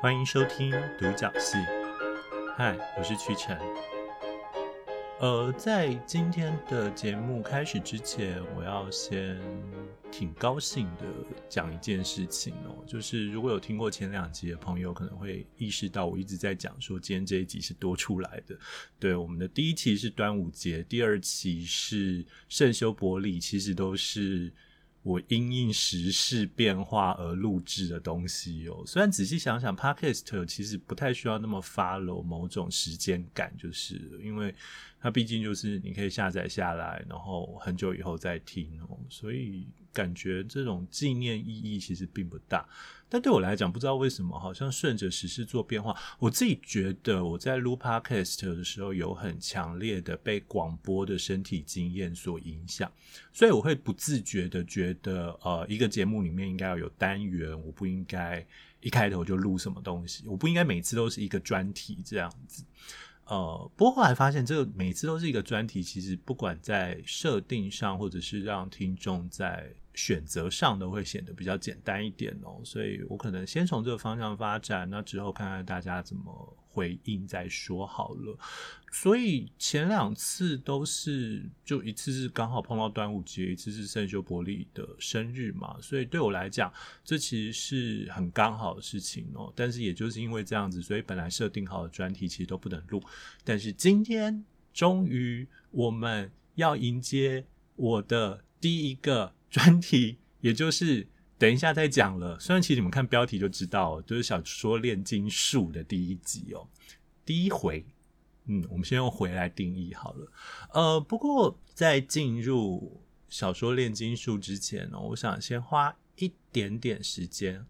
歡迎收聽《讀角戲》，嗨，我是屈臣。呃，在今天的節目開始之前，我要先挺高興的講一件事情哦，就是如果有聽過前兩集的朋友，可能會意識到我一直在講說，今天這一集是多出來的。對，我們的第一期是端午節，第二期是聖修伯里，其實都是。我因應時事變化而錄製的東西哦、喔，雖然仔細想想，podcast 其實不太需要那麼 follow 某種時間感，就是因為它畢竟就是你可以下載下來，然後很久以後再聽哦、喔，所以。感覺這種紀念意義其實並不大，但對我來講，不知道為什麼，好像順着時事做變化。我自己覺得，我在錄 podcast 的時候，有很強烈的被廣播的身體經驗所影響，所以我會不自覺的覺得，呃，一個節目裡面應該要有單元，我不應該一開頭就錄什麼東西，我不應該每次都是一個專題這樣子。呃，不過後來發現，這個每次都是一個專題，其實不管在設定上，或者是讓聽眾在選擇上都會顯得比較簡單一點哦，所以我可能先從這個方向發展，那之後看看大家怎麼回應再說好了。所以前兩次都是，就一次是剛好碰到端午節，一次是聖修伯利的生日嘛，所以對我來講，這其實是很剛好的事情哦。但是也就是因為這樣子，所以本來設定好的專題其實都不能錄。但是今天終於，我們要迎接我的第一個。專題，也就是等一下再講了。雖然其實你們看標題就知道了，就是小說《煉金術》的第一集哦，第一回。嗯，我們先用“回”來定義好了。呃，不過在進入小說《煉金術》之前呢、哦，我想先花一點點時間，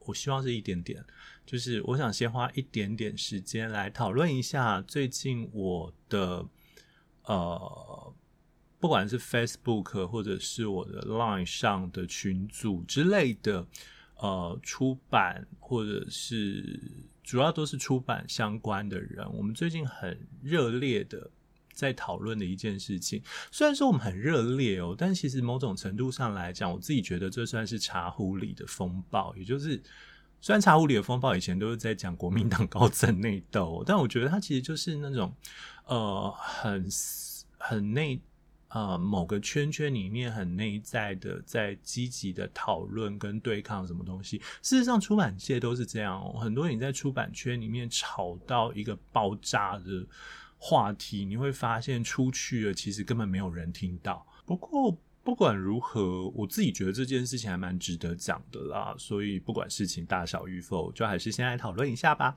我希望是一點點，就是我想先花一點點時間來討論一下最近我的呃。不管是 Facebook 或者是我的 Line 上的群組之類的，呃，出版或者是主要都是出版相關的人，我們最近很熱烈的在討論的一件事情。雖然說我們很熱烈哦，但其實某種程度上來講，我自己覺得這算是茶壺裡的風暴。也就是，雖然茶壺裡的風暴以前都是在講國民黨高層內鬥，但我覺得它其實就是那種，呃，很很內。呃，某個圈圈裡面很內在的，在積極的討論跟對抗什麼東西。事實上，出版界都是這樣哦。很多人在出版圈裡面吵到一個爆炸的話題，你會發現出去了，其實根本沒有人聽到。不過，不管如何，我自己覺得這件事情還蠻值得講的啦，所以不管事情大小與否，就還是先來討論一下吧。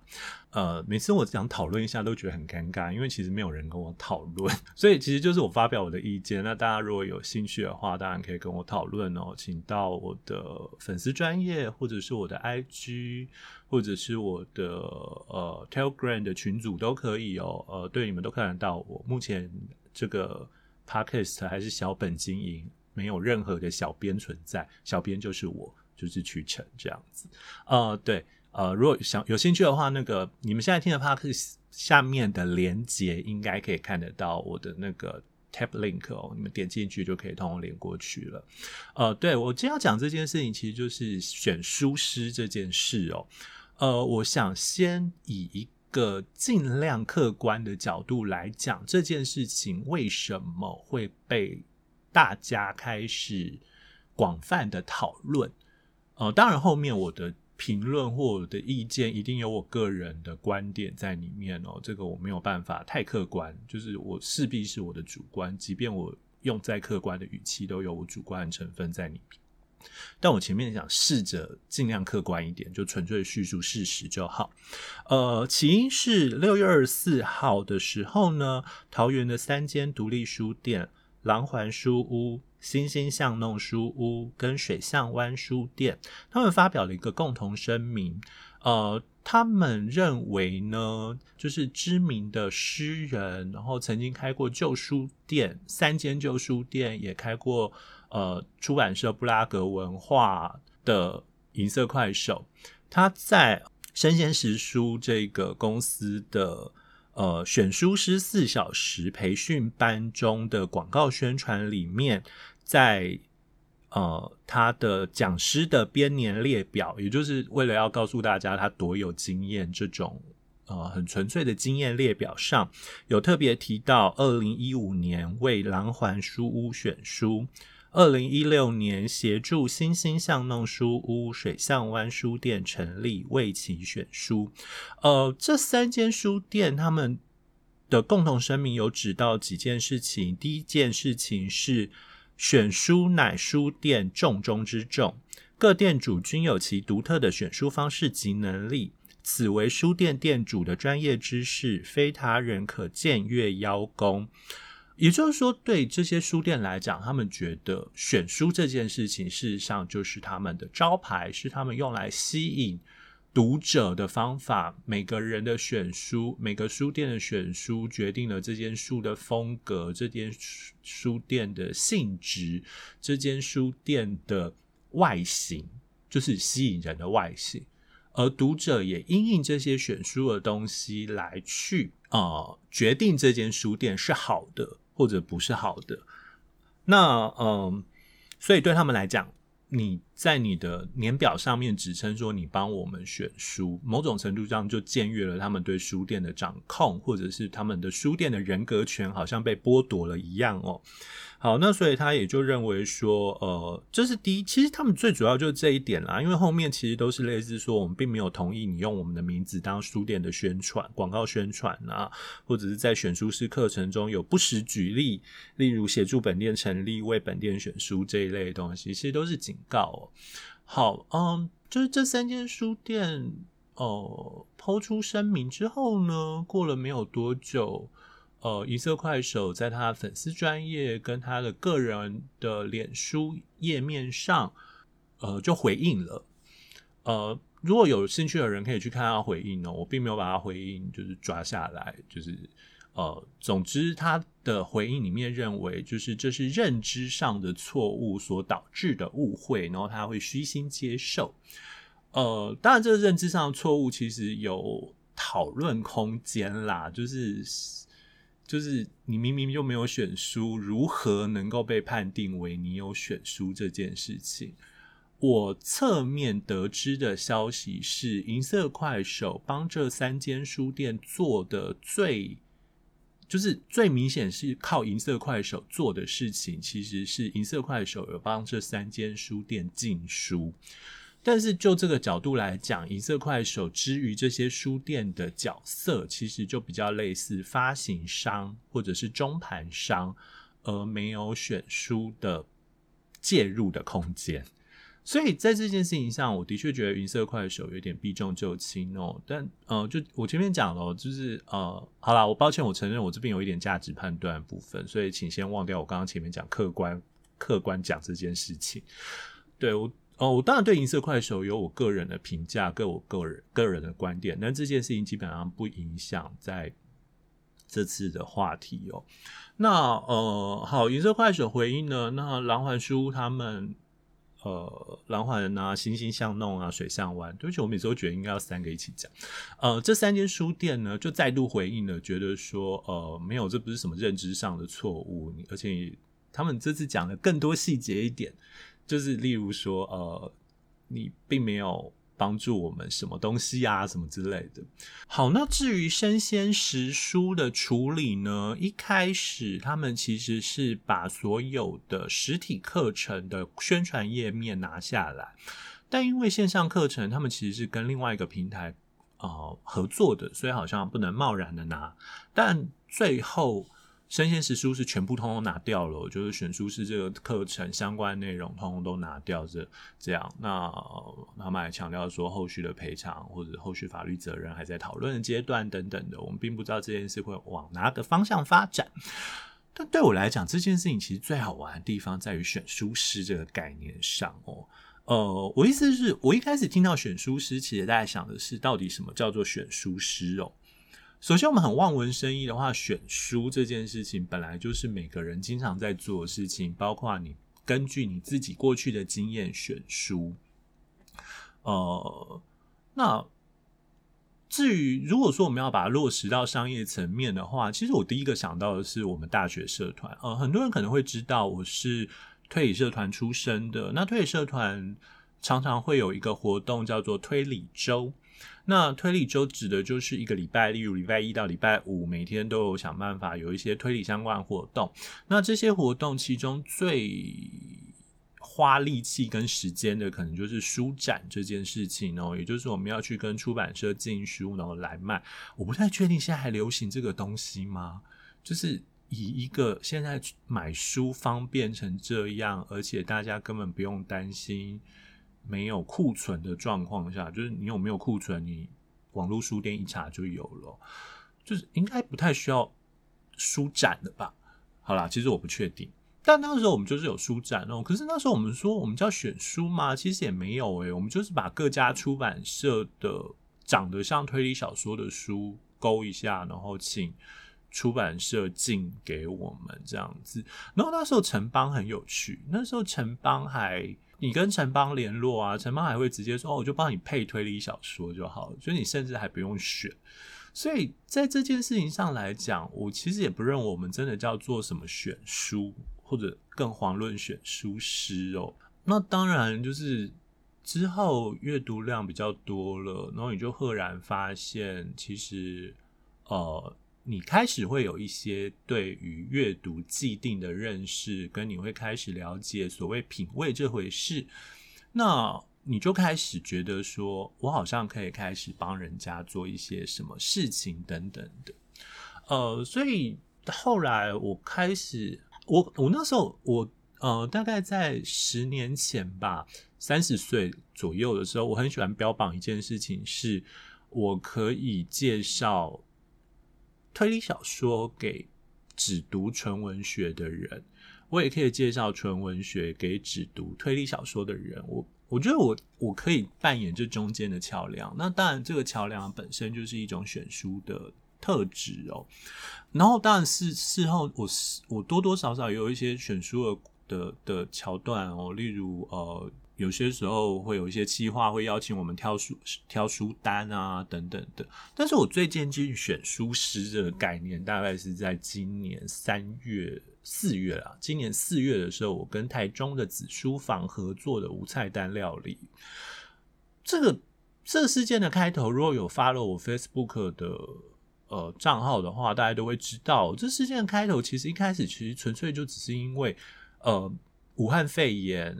呃，每次我想討論一下都覺得很尷尬，因為其實沒有人跟我討論，所以其實就是我發表我的意見。那大家如果有興趣的話，當然可以跟我討論哦，請到我的粉絲專頁，或者是我的 IG，或者是我的呃 Telegram 的群組都可以哦。呃，對，你們都看得到我目前這個。Podcast 還是小本經營，沒有任何的小編存在，小編就是我，就是曲成這樣子。呃，對，呃，如果想有興趣的話，那個你們現在聽的 Podcast 下面的連結，應該可以看得到我的那個 Tap Link 哦，你們點進去就可以通通連過去了。呃，對，我今天要講這件事情，其實就是選書師這件事哦。呃，我想先以一這個盡量客觀的角度來講，這件事情為什麼會被大家開始廣泛的討論？呃，當然後面我的評論或我的意見，一定有我個人的觀點在裡面哦。這個我沒有辦法太客觀，就是我勢必是我的主觀，即便我用再客觀的語氣，都有我主觀的成分在裡面。但我前面想試着盡量客觀一點，就純粹敘述事實就好。呃，起因是六月二十四號的時候呢，桃園的三間獨立書店——瑯嬛書屋、星星巷弄書屋跟水巷灣書店，他們發表了一個共同聲明。呃，他們認為呢，就是知名的詩人，然後曾經開過舊書店，三間舊書店也開過。呃，出版社布拉格文化的銀色快手，他在生鮮時書這個公司的呃選書師四小時培訓班中的廣告宣傳裡面，在呃他的講師的編年列表，也就是為了要告訴大家他多有經驗，這種呃很純粹的經驗列表上有特別提到，二零一五年為狼環書屋選書。二零一六年協助《星星巷弄書屋》、水巷灣書店成立，為其選書。呃，這三間書店他們的共同聲明有指到幾件事情。第一件事情是選書乃書店重中之重，各店主均有其獨特的選書方式及能力，此為書店店主的專業知識，非他人可僭越邀功。也就是說，對這些書店來講，他們覺得選書這件事情，事實上就是他們的招牌，是他們用來吸引讀者的方法。每個人的選書，每個書店的選書，決定了這間書的風格，這間書店的性質，這間書店的外形，就是吸引人的外形。而讀者也因應這些選書的東西來去啊、呃，決定這間書店是好的。或者不是好的，那嗯、呃，所以對他們來講，你在你的年表上面指稱說你幫我們選書，某種程度上就僭越了他們對書店的掌控，或者是他們的書店的人格權好像被剝奪了一樣哦。好，那所以他也就認為說，呃，這、就是第一，其實他們最主要就是這一點啦，因為後面其實都是類似說，我們並沒有同意你用我們的名字當書店的宣傳、廣告宣傳啊，或者是在選書師課程中有不實舉例，例如協助本店成立、為本店選書這一類的東西，其實都是警告、喔。好，嗯，就是這三間書店哦，拋、呃、出聲明之後呢，過了沒有多久。呃，銀色快手在他粉絲專頁跟他的個人的臉書頁面上，呃，就回應了。呃，如果有興趣的人可以去看他回應呢，我並沒有把他回應就是抓下來，就是呃，總之他的回應裡面認為，就是這是認知上的錯誤所導致的誤會，然後他會虛心接受。呃，當然，這個認知上的錯誤其實有討論空間啦，就是。就是你明明就沒有選書，如何能夠被判定為你有選書這件事情？我側面得知的消息是，銀色快手幫這三間書店做的最，就是最明顯是靠銀色快手做的事情，其實是銀色快手有幫這三間書店進書。但是就這個角度來講，銀色快手之於這些書店的角色，其實就比較類似發行商或者是中盤商，而沒有選書的介入的空間。所以在這件事情上，我的確覺得銀色快手有點避重就輕哦。但呃，就我前面講了，就是呃，好啦，我抱歉，我承認我這邊有一點價值判斷部分，所以請先忘掉我剛剛前面講客觀客觀講這件事情。對我。哦，我當然對銀色快手有我個人的評價，跟我個人個人的觀點，但這件事情基本上不影響在這次的話題哦。那呃，好，銀色快手回應呢，那藍環書他們呃，藍環人啊，行行巷弄啊，水上灣，對不起。我每次都覺得應該要三個一起講。呃，這三間書店呢，就再度回應了，覺得說呃，沒有，這不是什麼認知上的錯誤，而且他們這次講的更多細節一點。就是例如說，呃，你並沒有幫助我們什麼東西呀、啊，什麼之類的。好，那至於生鮮時書的處理呢？一開始他們其實是把所有的實體課程的宣傳頁面拿下來，但因為線上課程他們其實是跟另外一個平台呃合作的，所以好像不能貿然的拿。但最後。生鮮時書是全部通通拿掉了，就是選書師這個課程相關內容通通都拿掉，是這樣。那他們還強調說，後續的賠償或者後續法律責任還在討論的階段等等的，我們並不知道這件事會往哪個方向發展。但對我來講，這件事情其實最好玩的地方在於選書師這個概念上哦。呃，我意思、就是，我一開始聽到選書師，其實大家想的是，到底什麼叫做選書師哦？首先，我們很望文生義的話，選書這件事情本來就是每個人經常在做的事情，包括你根據你自己過去的經驗選書。呃，那至於如果說我們要把它落實到商業層面的話，其實我第一個想到的是我們大學社團。呃，很多人可能會知道我是推理社團出身的，那推理社團常常會有一個活動叫做推理周。那推理周指的就是一個禮拜，例如禮拜一到禮拜五，每天都有想辦法有一些推理相關的活動。那這些活動其中最花力氣跟時間的，可能就是書展這件事情哦，也就是我們要去跟出版社進書，然後來賣。我不太確定現在還流行這個東西嗎？就是以一個現在買書方便成這樣，而且大家根本不用擔心。沒有庫存的狀況下，就是你有沒有庫存，你網絡書店一查就有了，就是應該不太需要書展的吧？好啦，其實我不確定。但那個時候我們就是有書展哦，可是那時候我們說我們叫選書嘛，其實也沒有誒、欸。我們就是把各家出版社的長得像推理小說的書勾一下，然後請出版社進給我們這樣子。然後那時候城邦很有趣，那時候城邦還。你跟城邦聯絡啊，城邦還會直接說，哦，我就幫你配推理小說就好了，所以你甚至還不用選。所以在這件事情上來講，我其實也不認為我們真的叫做什麼選書，或者更遑論選書師哦。那當然就是之後閱讀量比較多了，然後你就赫然發現，其實呃。你開始會有一些對於閱讀既定的認識，跟你會開始了解所謂品味這回事，那你就開始覺得說，我好像可以開始幫人家做一些什麼事情等等的。呃，所以後來我開始，我我那時候我呃大概在十年前吧，三十歲左右的時候，我很喜歡標榜一件事情是，是我可以介紹。推理小說給只讀純文學的人，我也可以介紹純文學給只讀推理小說的人。我我覺得我我可以扮演這中間的橋樑。那當然，這個橋樑本身就是一種選書的特質哦。然後，當然事事後我，我我多多少少也有一些選書的的的橋段哦，例如呃。有些時候會有一些企劃，會邀請我們挑書、挑書單啊，等等的。但是我最近去選書師這個概念，大概是在今年三月四月啊。今年四月的時候，我跟台中的紫書房合作的無菜單料理，這個這個事件的開頭，如果有 follow 我 Facebook 的呃賬號的話，大家都會知道。這事件的開頭其實一開始其實純粹就只是因為呃武漢肺炎。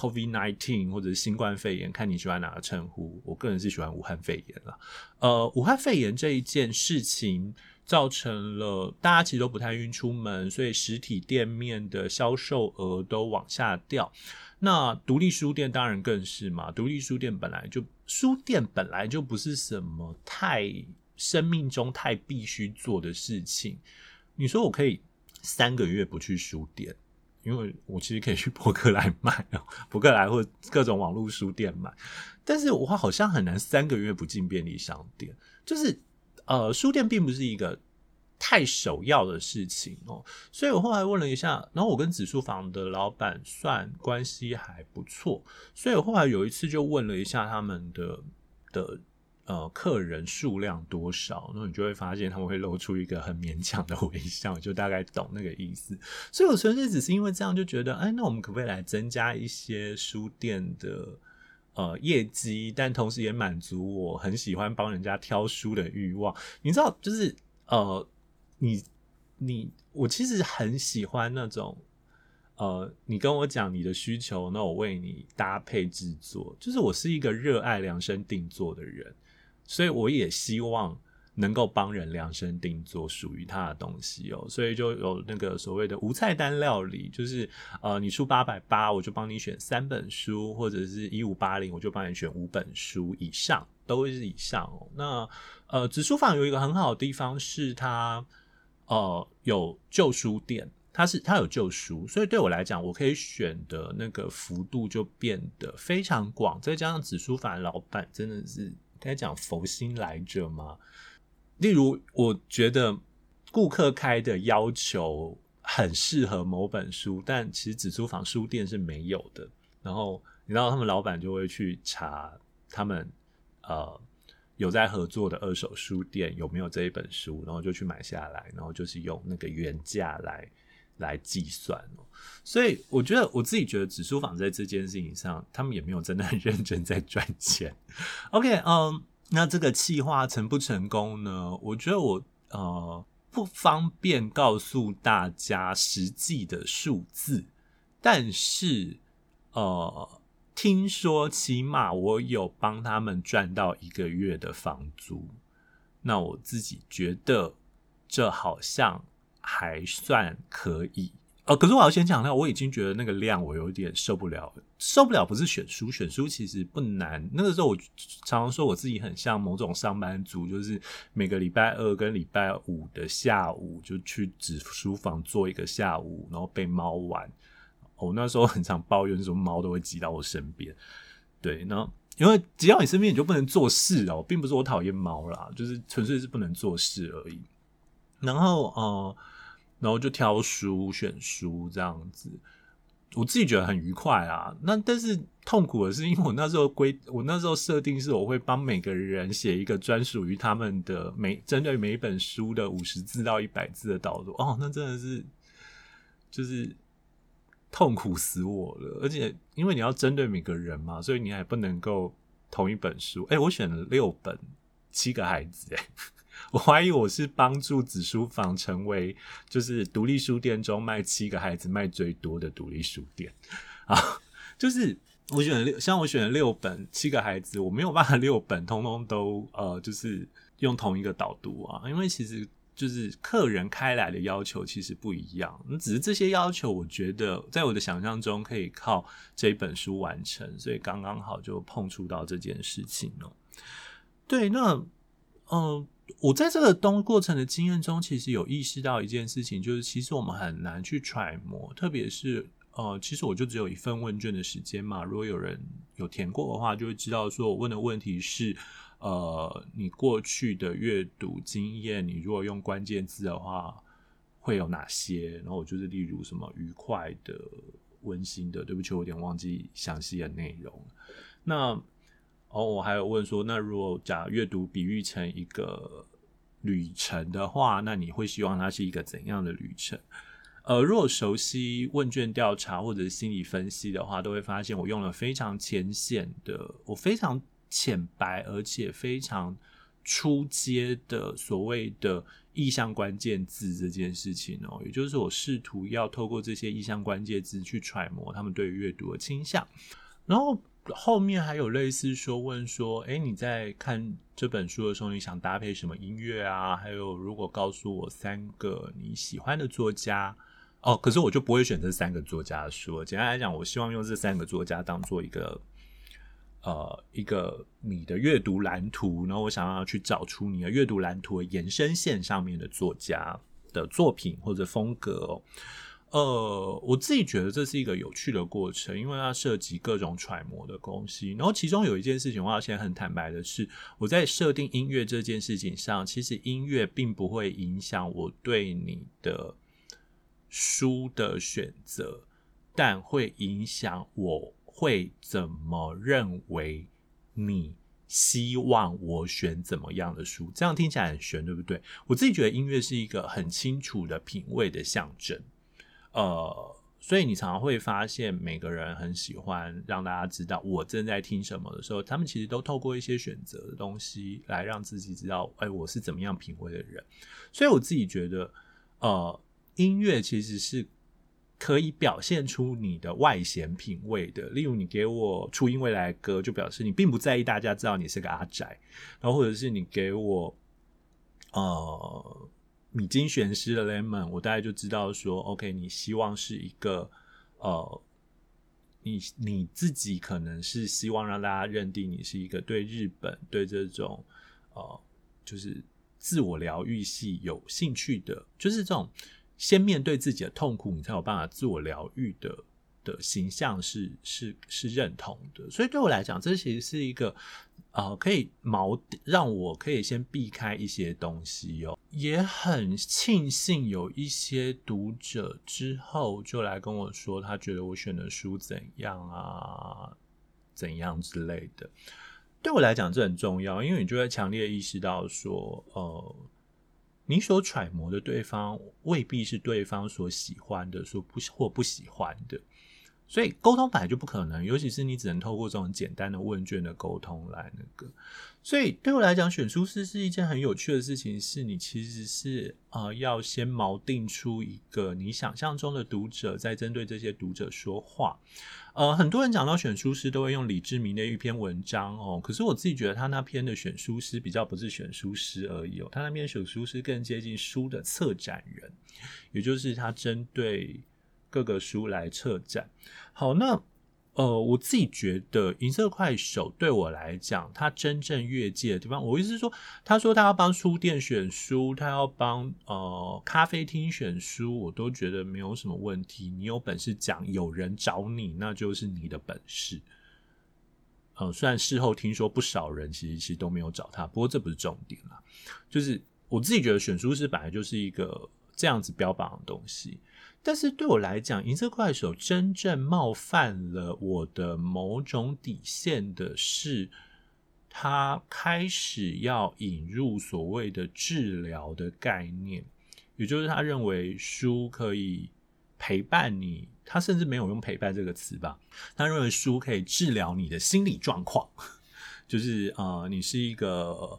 COVID-19 或者是新冠肺炎，看你喜歡哪個稱呼。我個人是喜歡武漢肺炎了。呃，武漢肺炎這一件事情造成了大家其實都不太願意出門，所以實體店面的銷售額都往下掉。那獨立書店當然更是嘛。獨立書店本來就書店本來就不是什麼太生命中太必須做的事情。你說我可以三個月不去書店？因為我其實可以去博客來買啊，博客來或各種網絡書店買，但是我好像很難三個月不進便利商店，就是呃，書店並不是一個太首要的事情哦，所以我後來問了一下，然後我跟紫書房的老闆算關係還不錯，所以我後來有一次就問了一下他們的的。呃，客人數量多少，那你就會發現他們會露出一個很勉強的微笑，就大概懂那個意思。所以我純粹只是因為這樣就覺得，哎，那我們可不可以來增加一些書店的呃業績，但同時也滿足我很喜歡幫人家挑書的欲望。你知道，就是呃，你你我其實很喜歡那種呃，你跟我講你的需求，那我為你搭配製作。就是我是一個熱愛量身定做的人。所以我也希望能夠幫人量身定做屬於他的東西哦，所以就有那個所謂的無菜單料理，就是呃，你出八百八，我就幫你選三本書，或者是一五八零，我就幫你選五本書以上，都是以上哦。那呃，紫書房有一個很好的地方是它呃有舊書店，它是它有舊書，所以對我來講，我可以選的那個幅度就變得非常廣。再加上紫書房的老闆真的是。大家講佛心來着嗎？例如，我覺得顧客開的要求很適合某本書，但其實紫租房書店是沒有的。然後，你知道他們老板就會去查他們呃有在合作的二手書店有沒有這一本書，然後就去買下來，然後就是用那個原價來。來計算哦，所以我覺得我自己覺得紫書房在這件事情上，他們也沒有真的很認真在賺錢。OK，嗯，um，那這個企劃成不成功呢？我覺得我呃不方便告訴大家實際的數字，但是呃，聽說起碼我有幫他們賺到一個月的房租。那我自己覺得這好像。還算可以哦。可是我要先講一下，我已經覺得那個量我有點受不了了，受不了不是選書，選書其實不難。那個時候我常常說我自己很像某種上班族，就是每個禮拜二跟禮拜五的下午就去紙書房做一個下午，然後被貓玩。我、哦、那時候很常抱怨，說貓都會擠到我身邊。對，那因為只要你身邊你就不能做事哦，並不是我討厭貓啦，就是純粹是不能做事而已。然後呃。然後就挑書、選書這樣子，我自己覺得很愉快啊。那但是痛苦的是，因為我那時候規，我那時候設定是我會幫每個人寫一個專屬於他們的每針對每一本書的五十字到一百字的導讀。哦，那真的是就是痛苦死我了。而且因為你要針對每個人嘛，所以你還不能夠同一本書。哎，我選了六本，七個孩子哎、欸。我懷疑我是幫助子書房成為就是獨立書店中賣七個孩子賣最多的獨立書店啊！ 就是我選了六，像我選了六本《七個孩子》，我沒有辦法六本通通都呃，就是用同一個導讀啊，因為其實就是客人開來的要求其實不一樣，只是這些要求我覺得在我的想象中可以靠這一本書完成，所以剛剛好就碰觸到這件事情了。對，那嗯。呃我在這個東過程的經驗中，其實有意識到一件事情，就是其實我們很難去揣摩，特別是呃，其實我就只有一份問卷的時間嘛。如果有人有填過的話，就會知道說我問的問題是，呃，你過去的閱讀經驗，你如果用關鍵字的話會有哪些？然後我就是例如什麼愉快的、溫馨的，對不起，我有點忘記詳細的內容。那哦，我還有問說，那如果假如閱讀比喻成一個旅程的話，那你會希望它是一個怎樣的旅程？呃，如果熟悉問卷調查或者心理分析的話，都會發現我用了非常淺顯的，我非常淺白而且非常初階的所謂的意象關鍵字這件事情哦，也就是我試圖要透過這些意象關鍵字去揣摩他們對於閱讀的傾向，然後。後面還有類似說問說，哎，你在看這本書的時候，你想搭配什麼音樂啊？還有，如果告訴我三個你喜歡的作家，哦，可是我就不會選這三個作家的書。簡單來講，我希望用這三個作家當做一個，呃，一個你的閱讀藍圖。然後我想要去找出你的閱讀藍圖的延伸線上面的作家的作品或者風格哦。呃，我自己覺得這是一個有趣的過程，因為它涉及各種揣摩的東西。然後其中有一件事情，我要先很坦白的是，我在設定音樂這件事情上，其實音樂並不會影響我對你的書的選擇，但會影響我會怎麼認為你希望我選怎麼樣的書。這樣聽起來很玄，對不對？我自己覺得音樂是一個很清楚的品味的象徵。呃，所以你常常會發現，每個人很喜歡讓大家知道我正在聽什麼的時候，他們其實都透過一些選擇的東西來讓自己知道，哎，我是怎麼樣品味的人。所以我自己覺得，呃，音樂其實是可以表現出你的外顯品味的。例如，你給我初音未來的歌，就表示你並不在意大家知道你是個阿宅。然後，或者是你給我，呃……米津玄師的 lemon，我大概就知道說，OK，你希望是一個呃，你你自己可能是希望讓大家認定你是一個對日本對這種呃，就是自我療癒系有興趣的，就是這種先面對自己的痛苦，你才有辦法自我療癒的。的形象是是是認同的，所以對我來講，這其實是一個呃，可以讓我可以先避開一些東西哦。也很慶幸有一些讀者之後就來跟我說，他覺得我選的書怎樣啊，怎樣之類的。對我來講，這很重要，因為你就會強烈意識到說，呃，你所揣摩的對方未必是對方所喜歡的，所不或不喜歡的。所以溝通本來就不可能，尤其是你只能透過這種簡單的問卷的溝通來那個。所以對我來講，選書師是一件很有趣的事情，是你其實是呃要先錨定出一個你想象中的讀者，再針對這些讀者說話。呃，很多人講到選書師都會用李志明的一篇文章哦，可是我自己覺得他那篇的選書師比較不是選書師而已哦，他那篇選書師更接近書的策展人，也就是他針對。各個書來策展，好，那呃，我自己覺得銀色快手對我來講，他真正越界的地方，我意思是說，他說他要幫書店選書，他要幫呃咖啡廳選書，我都覺得沒有什麼問題。你有本事講，有人找你，那就是你的本事。嗯、呃，雖然事後聽說不少人其實其實都沒有找他，不過這不是重點啦，就是我自己覺得選書師本來就是一個這樣子標榜的東西。但是對我來講，銀色快手真正冒犯了我的某種底線的是，他開始要引入所謂的治療的概念，也就是他認為書可以陪伴你，他甚至沒有用陪伴這個詞吧，他認為書可以治療你的心理狀況，就是啊、呃，你是一個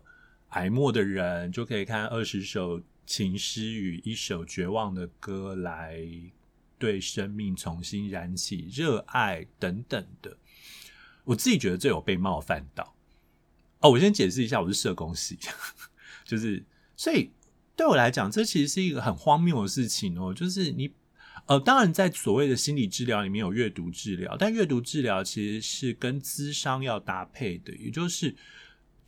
挨默的人，就可以看二十首，情詩與一首絕望的歌來對生命重新燃起熱愛等等的，我自己覺得最有被冒犯到。哦，我先解釋一下，我是社工系， 就是所以對我來講，這其實是一個很荒謬的事情哦。就是你呃，當然在所謂的心理治療裡面有閱讀治療，但閱讀治療其實是跟諮商要搭配的，也就是。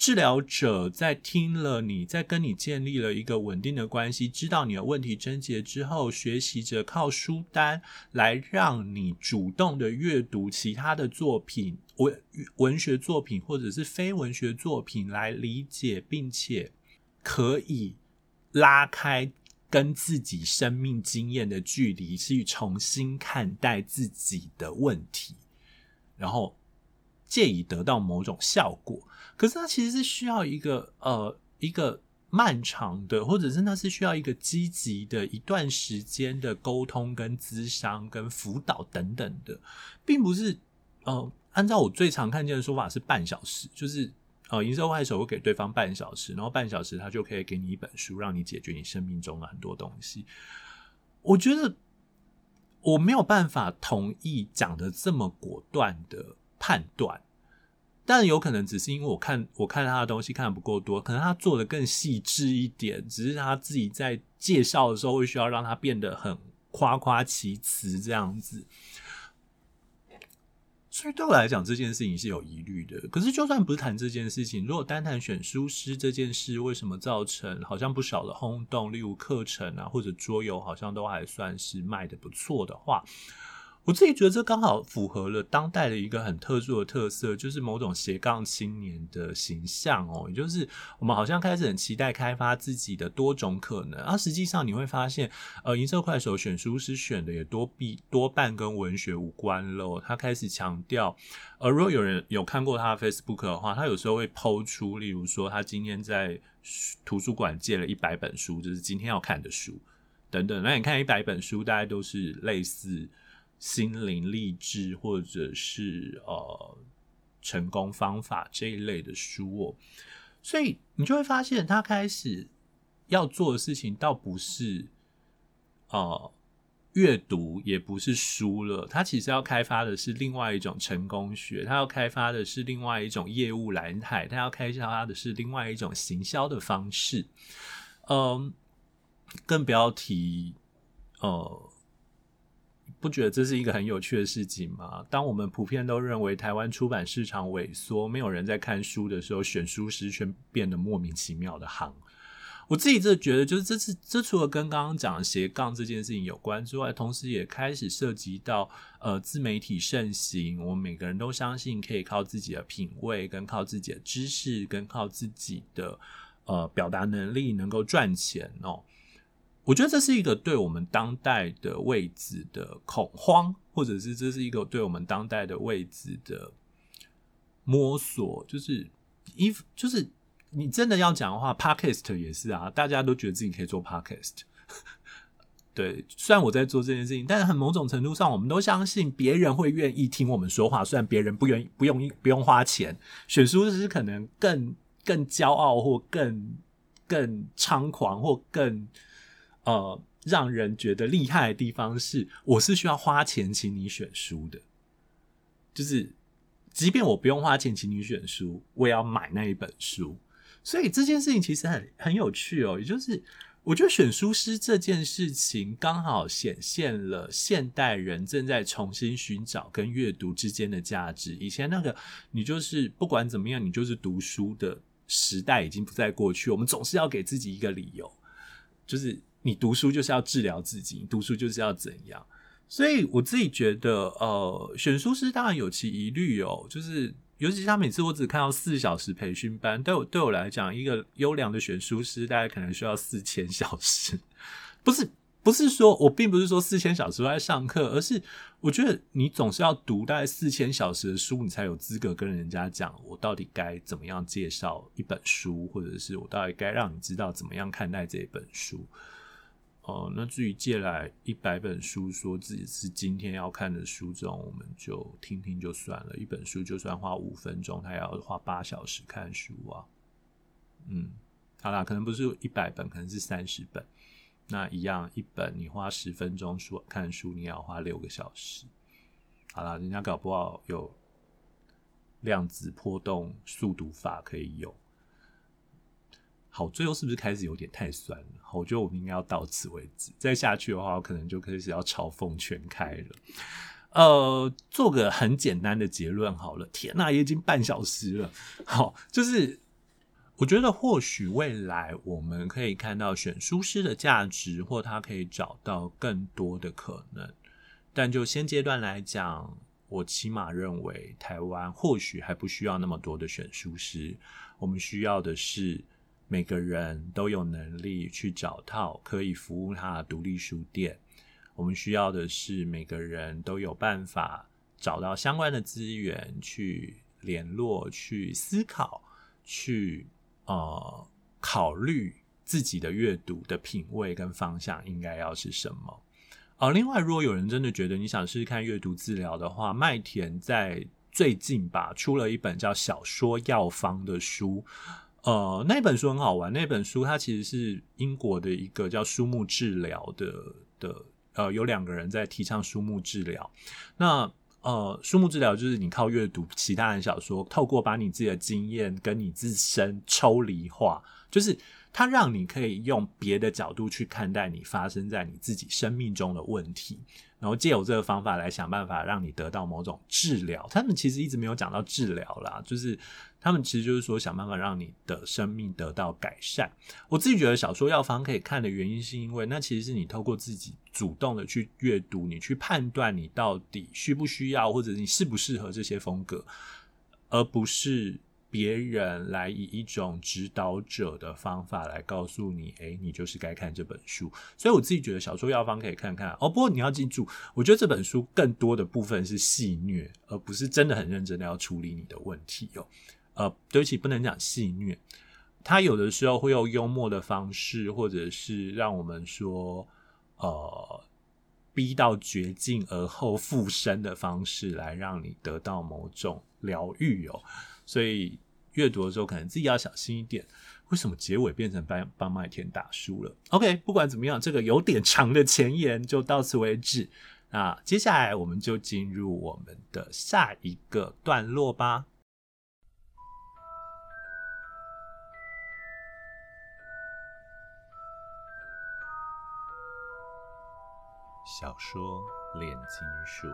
治療者在聽了你，在跟你建立了一個穩定的關係，知道你的問題症結之後，學習者靠書單來讓你主動的閱讀其他的作品，文文學作品或者是非文學作品，來理解並且可以拉開跟自己生命經驗的距離，去重新看待自己的問題，然後借以得到某種效果。可是它其實是需要一個呃一個漫長的，或者是它是需要一個積極的一段時間的溝通、跟諮商、跟輔導等等的，並不是呃按照我最常看見的說法是半小時，就是呃銀色快手會給對方半小時，然後半小時他就可以給你一本書，讓你解決你生命中的很多東西。我覺得我沒有辦法同意講的這麼果斷的判斷。但有可能只是因為我看我看他的東西看得不夠多，可能他做得更細緻一點，只是他自己在介紹的時候會需要讓他變得很誇誇其詞這樣子。所以對我來講這件事情是有疑慮的。可是就算不是談這件事情，如果單談選書師這件事，為什麼造成好像不少的轟動？例如課程啊，或者桌遊，好像都還算是賣得不錯的話。我自己覺得這剛好符合了當代的一個很特殊的特色，就是某種斜槓青年的形象哦，也就是我們好像開始很期待開發自己的多種可能，而、啊、實際上你會發現，呃，銀色快手選書師選的也多比多半跟文學無關了、哦。他開始強調，呃，如果有人有看過他的 Facebook 的話，他有時候會拋出，例如說他今天在圖書館借了一百本書，就是今天要看的書等等。那你看一百本書，大概都是類似。心靈勵志，或者是呃成功方法這一類的書哦，所以你就會發現，他開始要做的事情，倒不是呃閱讀，也不是書了。他其實要開發的是另外一種成功學，他要開發的是另外一種業務藍海，他要開發的是另外一種行銷的方式。嗯，呃，更不要提呃。不覺得這是一個很有趣的事情嗎？當我們普遍都認為台灣出版市場萎縮，沒有人在看書的時候，選書師卻變得莫名其妙的夯。我自己這覺得，就是這次這除了跟剛剛講斜槓這件事情有關之外，同時也開始涉及到呃自媒體盛行。我們每個人都相信可以靠自己的品味，跟靠自己的知識，跟靠自己的呃表達能力能夠賺錢哦。我覺得這是一個對我們當代的位置的恐慌，或者是這是一個對我們當代的位置的摸索。就是 If, 就是你真的要講的話，podcast 也是啊。大家都覺得自己可以做 podcast。 對，雖然我在做這件事情，但是很某種程度上，我們都相信別人會願意聽我們說話。雖然別人不願意、不用、不用花錢，選書就是可能更、更驕傲或更、更猖狂或更。呃，讓人覺得厲害的地方是，我是需要花錢請你選書的，就是，即便我不用花錢請你選書，我也要買那一本書。所以這件事情其實很很有趣哦。也就是，我覺得選書師這件事情剛好顯現了現代人正在重新尋找跟閱讀之間的價值。以前那個，你就是不管怎麼樣，你就是讀書的時代已經不在過去。我們總是要給自己一個理由，就是。你讀書就是要治療自己，你讀書就是要怎樣？所以我自己覺得，呃，選書師當然有其疑慮哦，就是尤其他每次我只看到四小時培訓班，對我對我來講，一個優良的選書師，大概可能需要四千小時。不是，不是說我並不是說四千小時都在上課，而是我覺得你總是要讀大概四千小時的書，你才有資格跟人家講我到底該怎麼樣介紹一本書，或者是我到底該讓你知道怎麼樣看待這本書。哦，那至於借來一百本書，說自己是今天要看的書中，我們就聽聽就算了。一本書就算花五分鐘，他要花八小時看書啊。嗯，好啦，可能不是一百本，可能是三十本。那一樣，一本你花十分鐘說，看書，你要花六個小時。好啦，人家搞不好有量子波動速讀法可以用。好，最後是不是開始有點太酸了？好，我覺得我們應該要到此為止。再下去的話，我可能就開始要嘲諷全開了。呃，做個很簡單的結論好了。天哪，也已經半小時了。好，就是我覺得或許未來我們可以看到選書師的價值，或他可以找到更多的可能。但就現階段來講，我起碼認為台灣或許還不需要那麼多的選書師。我們需要的是每個人都有能力去找到可以服務他的獨立書店。我們需要的是每個人都有辦法找到相關的資源去聯絡、去思考、去呃考慮自己的閱讀的品味跟方向應該要是什麼。哦、呃，另外，如果有人真的覺得你想試試看閱讀治療的話，麥田在最近吧出了一本叫《小說藥方》的書。呃，那本書很好玩。那本書它其實是英國的一個叫“書目治療”的的，呃，有兩個人在提倡書目治療。那呃，書目治療就是你靠閱讀其他人的小說，透過把你自己的經驗跟你自身抽離化，就是它讓你可以用別的角度去看待你發生在你自己生命中的問題，然後借由這個方法來想辦法讓你得到某種治療。他們其實一直沒有講到治療啦，就是。他們其實就是說，想辦法讓你的生命得到改善。我自己覺得小說藥方可以看的原因，是因為那其實是你透過自己主動的去閱讀，你去判斷你到底需不需要，或者你適不適合這些風格，而不是別人來以一種指導者的方法來告訴你，誒，你就是該看這本書。所以我自己覺得小說藥方可以看看哦。不過你要記住，我覺得這本書更多的部分是戲謔，而不是真的很認真的要處理你的問題哦。呃，對不起，不能講戲謔。他有的時候會用幽默的方式，或者是讓我們說，呃，逼到絕境而後復生的方式來讓你得到某種療癒哦。所以閱讀的時候，可能自己要小心一點。為什麼結尾變成幫幫麥田大叔了？OK，不管怎麼樣，這個有點長的前言就到此為止。那接下來我們就進入我們的下一個段落吧。《小說煉金術》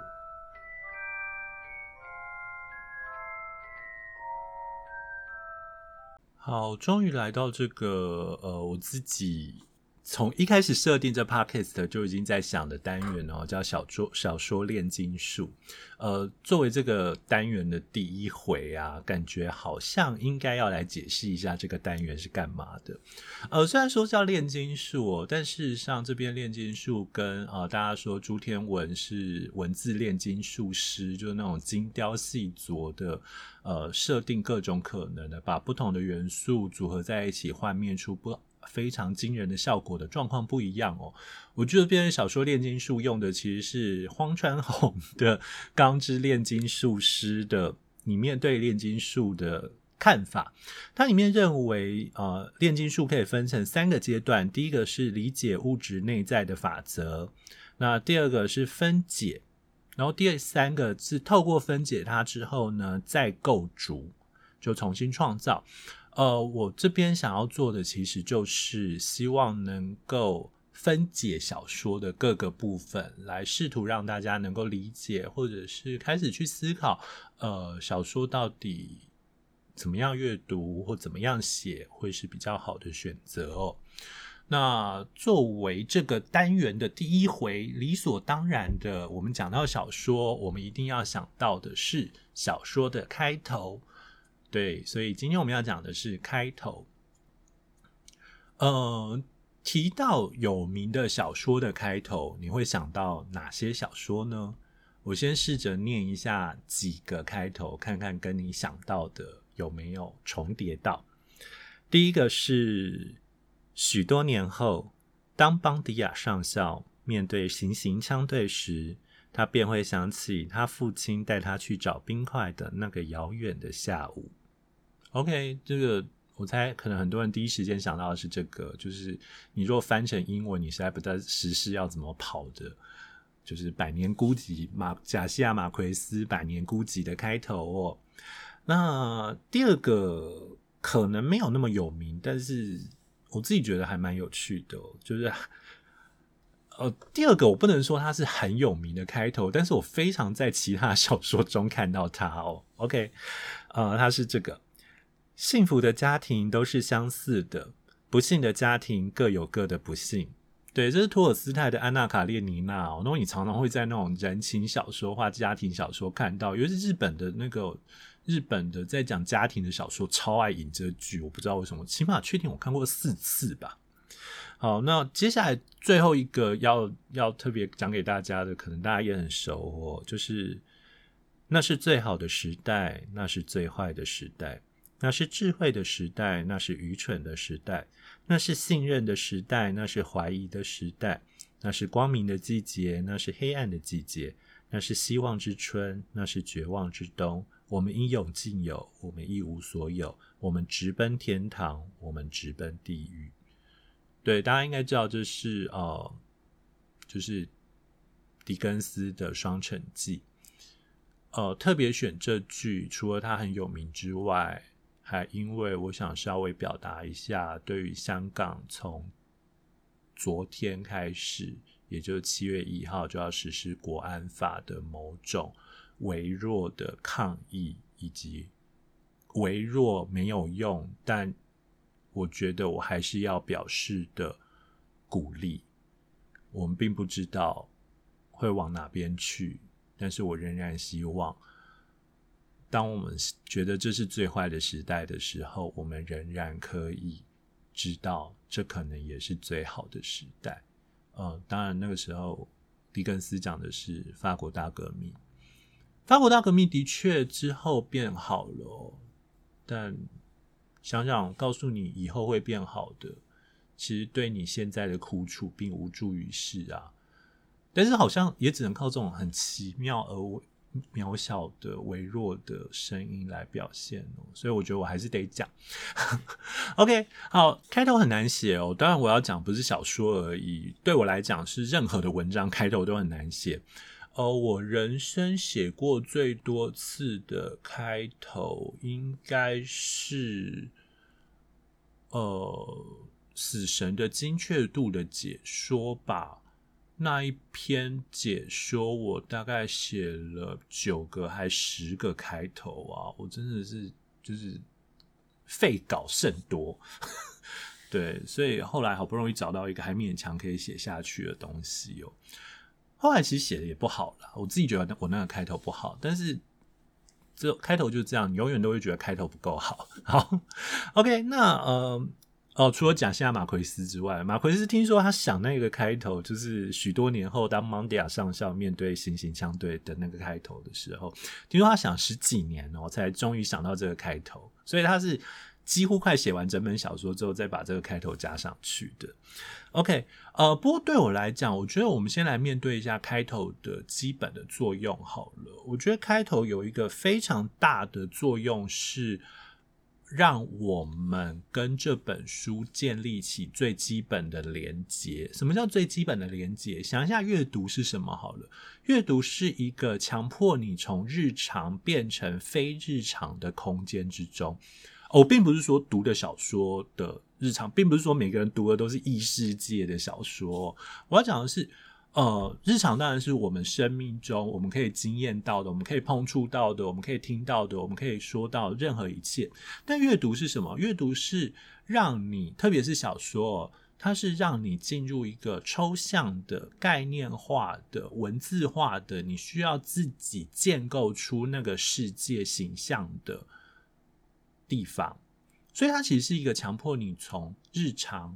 好，終於來到這個呃，我自己，從一開始設定這 podcast 就已經在想的單元哦，叫小說小說煉金術。呃，作為這個單元的第一回啊，感覺好像應該要來解釋一下這個單元是幹嘛的。呃，雖然說叫煉金術，哦，但事實上這邊煉金術跟呃大家說朱天文是文字煉金術師，就是那種精雕細琢的呃設定各種可能的，把不同的元素組合在一起，幻滅出不。非常驚人的效果的狀況不一樣哦。我覺得這邊《小說煉金術》用的其實是荒川弘的《鋼之鍊金術師》的裡面對煉金術的看法。它裡面認為，呃，煉金術可以分成三個階段：第一個是理解物質內在的法則；那第二個是分解；然後第三個是透過分解它之後呢，再構築就重新創造。呃，我這邊想要做的其實就是希望能夠分解小說的各個部分，來試圖讓大家能夠理解，或者是開始去思考，呃，小說到底怎麼樣閱讀或怎麼樣寫會是比較好的選擇哦。那作為這個單元的第一回，理所當然的，我們講到小說，我們一定要想到的是小說的開頭。對，所以今天我們要講的是開頭。呃，提到有名的小說的開頭，你會想到哪些小說呢？我先試着念一下幾個開頭，看看跟你想到的有沒有重疊到。第一個是：許多年後，當邦迪亞上校面對行刑槍隊時，他便會想起他父親帶他去找冰塊的那個遙遠的下午。OK，這個我猜可能很多人第一時間想到的是這個，就是你若翻成英文，你實在不知道時事要怎麼跑的，就是《百年孤寂》馬，賈西亞馬奎斯《百年孤寂》的開頭哦。那第二個可能沒有那麼有名，但是我自己覺得還蠻有趣的哦，就是呃，第二個我不能說它是很有名的開頭，但是我非常在其他小說中看到它哦。OK，呃，它是這個。幸福的家庭都是相似的，不幸的家庭各有各的不幸。對，這是托爾斯泰的《安娜卡列尼娜》哦。那你常常會在那種人情小說化、或家庭小說看到，尤其日本的那個日本的在講家庭的小說，超愛引這句，我不知道為什麼，起碼確定我看過四次吧。好，那接下來最後一個要要特別講給大家的，可能大家也很熟哦，就是那是最好的時代，那是最壞的時代。那是智慧的時代，那是愚蠢的時代；那是信任的時代，那是懷疑的時代；那是光明的季節，那是黑暗的季節；那是希望之春，那是絕望之冬。我們應有盡有，我們一無所有；我們直奔天堂，我們直奔地獄。對，大家應該知道，這是呃，就是狄更斯的《雙城記》。呃，特別選這句，除了它很有名之外。還因為我想稍微表達一下，對於香港從昨天開始，也就是七月一號就要實施國安法的某種微弱的抗議，以及微弱沒有用，但我覺得我還是要表示的鼓勵。我們並不知道會往哪邊去，但是我仍然希望。當我們覺得這是最壞的時代的時候，我們仍然可以知道，這可能也是最好的時代。呃、嗯，當然那個時候，狄更斯講的是法國大革命。法國大革命的確之後變好了哦，但想想告訴你以後會變好的，其實對你現在的苦楚並無助於事啊。但是好像也只能靠這種很奇妙而為。渺小的、微弱的聲音來表現哦，所以我覺得我還是得講。 OK，好，開頭很難寫哦。當然，我要講不是小說而已，對我來講是任何的文章開頭都很難寫。呃，我人生寫過最多次的開頭應該是，呃，死神的精確度的解說吧。那一篇解說，我大概寫了九個還十個開頭啊，我真的是就是廢稿甚多， 對，所以後來好不容易找到一個還勉強可以寫下去的東西哦，後來其實寫的也不好啦，我自己覺得我那個開頭不好，但是這開頭就這樣，永遠都會覺得開頭不夠好。好，OK，那嗯。呃哦，除了賈西亞·馬奎斯之外，馬奎斯聽說他想那個開頭，就是許多年後當邦迪亞上校面對行刑槍隊的那個開頭的時候，聽說他想十幾年哦，才終於想到這個開頭，所以他是幾乎快寫完整本小說之後再把這個開頭加上去的。OK，呃，不過對我來講，我覺得我們先來面對一下開頭的基本的作用好了。我覺得開頭有一個非常大的作用是。讓我們跟這本書建立起最基本的連結。什麼叫最基本的連結？想一下，閱讀是什麼？好了，閱讀是一個強迫你從日常變成非日常的空間之中。我、哦、並不是說讀的小說的日常，並不是說每個人讀的都是異世界的小說。我要講的是。呃，日常當然是我們生命中我們可以經驗到的，我們可以碰觸到的，我們可以聽到的，我們可以說到任何一切。但閱讀是什麼？閱讀是讓你，特別是小說哦，它是讓你進入一個抽象的、概念化的、文字化的，你需要自己建構出那個世界形象的地方。所以它其實是一個強迫你從日常。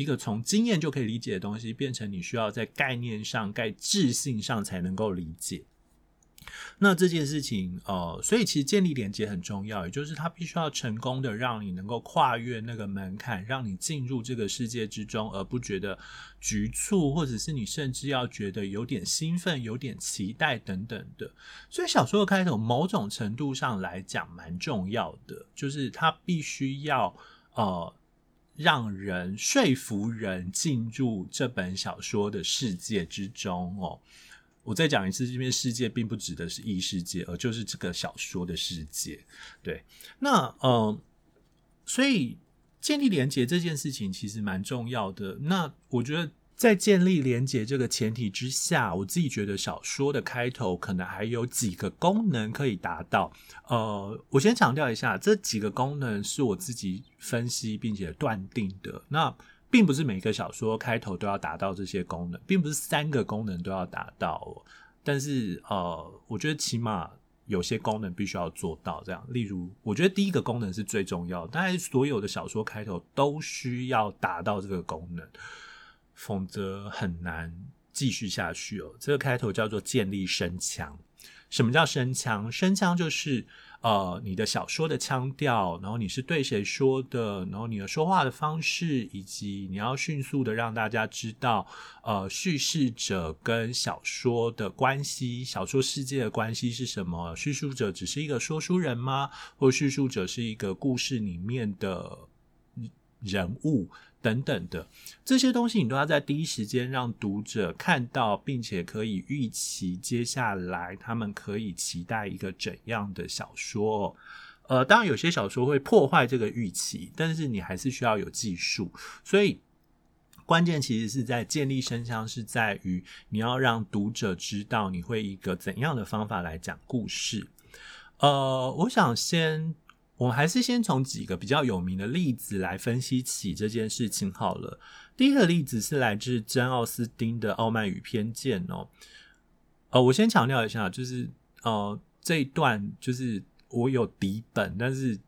一個從經驗就可以理解的東西，變成你需要在概念上、概念性上才能夠理解。那這件事情，呃，所以其實建立連接很重要，也就是它必須要成功的讓你能夠跨越那個門檻，讓你進入這個世界之中，而不覺得局促，或者是你甚至要覺得有點興奮、有點期待等等的。所以小說的開頭，某種程度上來講蠻重要的，就是它必須要呃。讓人說服人進入這本小說的世界之中哦。我再講一次，這邊世界並不指的是異世界，而就是這個小說的世界。對，那呃，所以建立連結這件事情其實蠻重要的。那我覺得。在建立連結這個前提之下，我自己覺得小說的開頭可能還有幾個功能可以達到。呃，我先強調一下，這幾個功能是我自己分析並且斷定的。那並不是每個小說開頭都要達到這些功能，並不是三個功能都要達到。但是呃，我覺得起碼有些功能必須要做到這樣。例如，我覺得第一個功能是最重要的，當然，所有的小說開頭都需要達到這個功能，否則很難繼續下去哦。這個開頭叫做建立聲腔。什麼叫聲腔？聲腔就是呃你的小說的腔調，然後你是對誰說的，然後你的說話的方式，以及你要迅速的讓大家知道呃敘事者跟小說的關係，小說世界的關係是什麼？敘述者只是一個說書人嗎？或敘述者是一個故事裡面的人物？等等的這些東西，你都要在第一時間讓讀者看到，並且可以預期接下來他們可以期待一個怎樣的小說哦。呃，當然有些小說會破壞這個預期，但是你還是需要有技術。所以關鍵其實是在建立聲腔，是在於你要讓讀者知道你會以一個怎樣的方法來講故事。呃，我想先。我們還是先從幾個比較有名的例子來分析起這件事情好了。第一個例子是來自珍奧斯丁的《傲慢與偏見》哦。呃，我先強調一下，就是呃，這一段就是我有底本，但是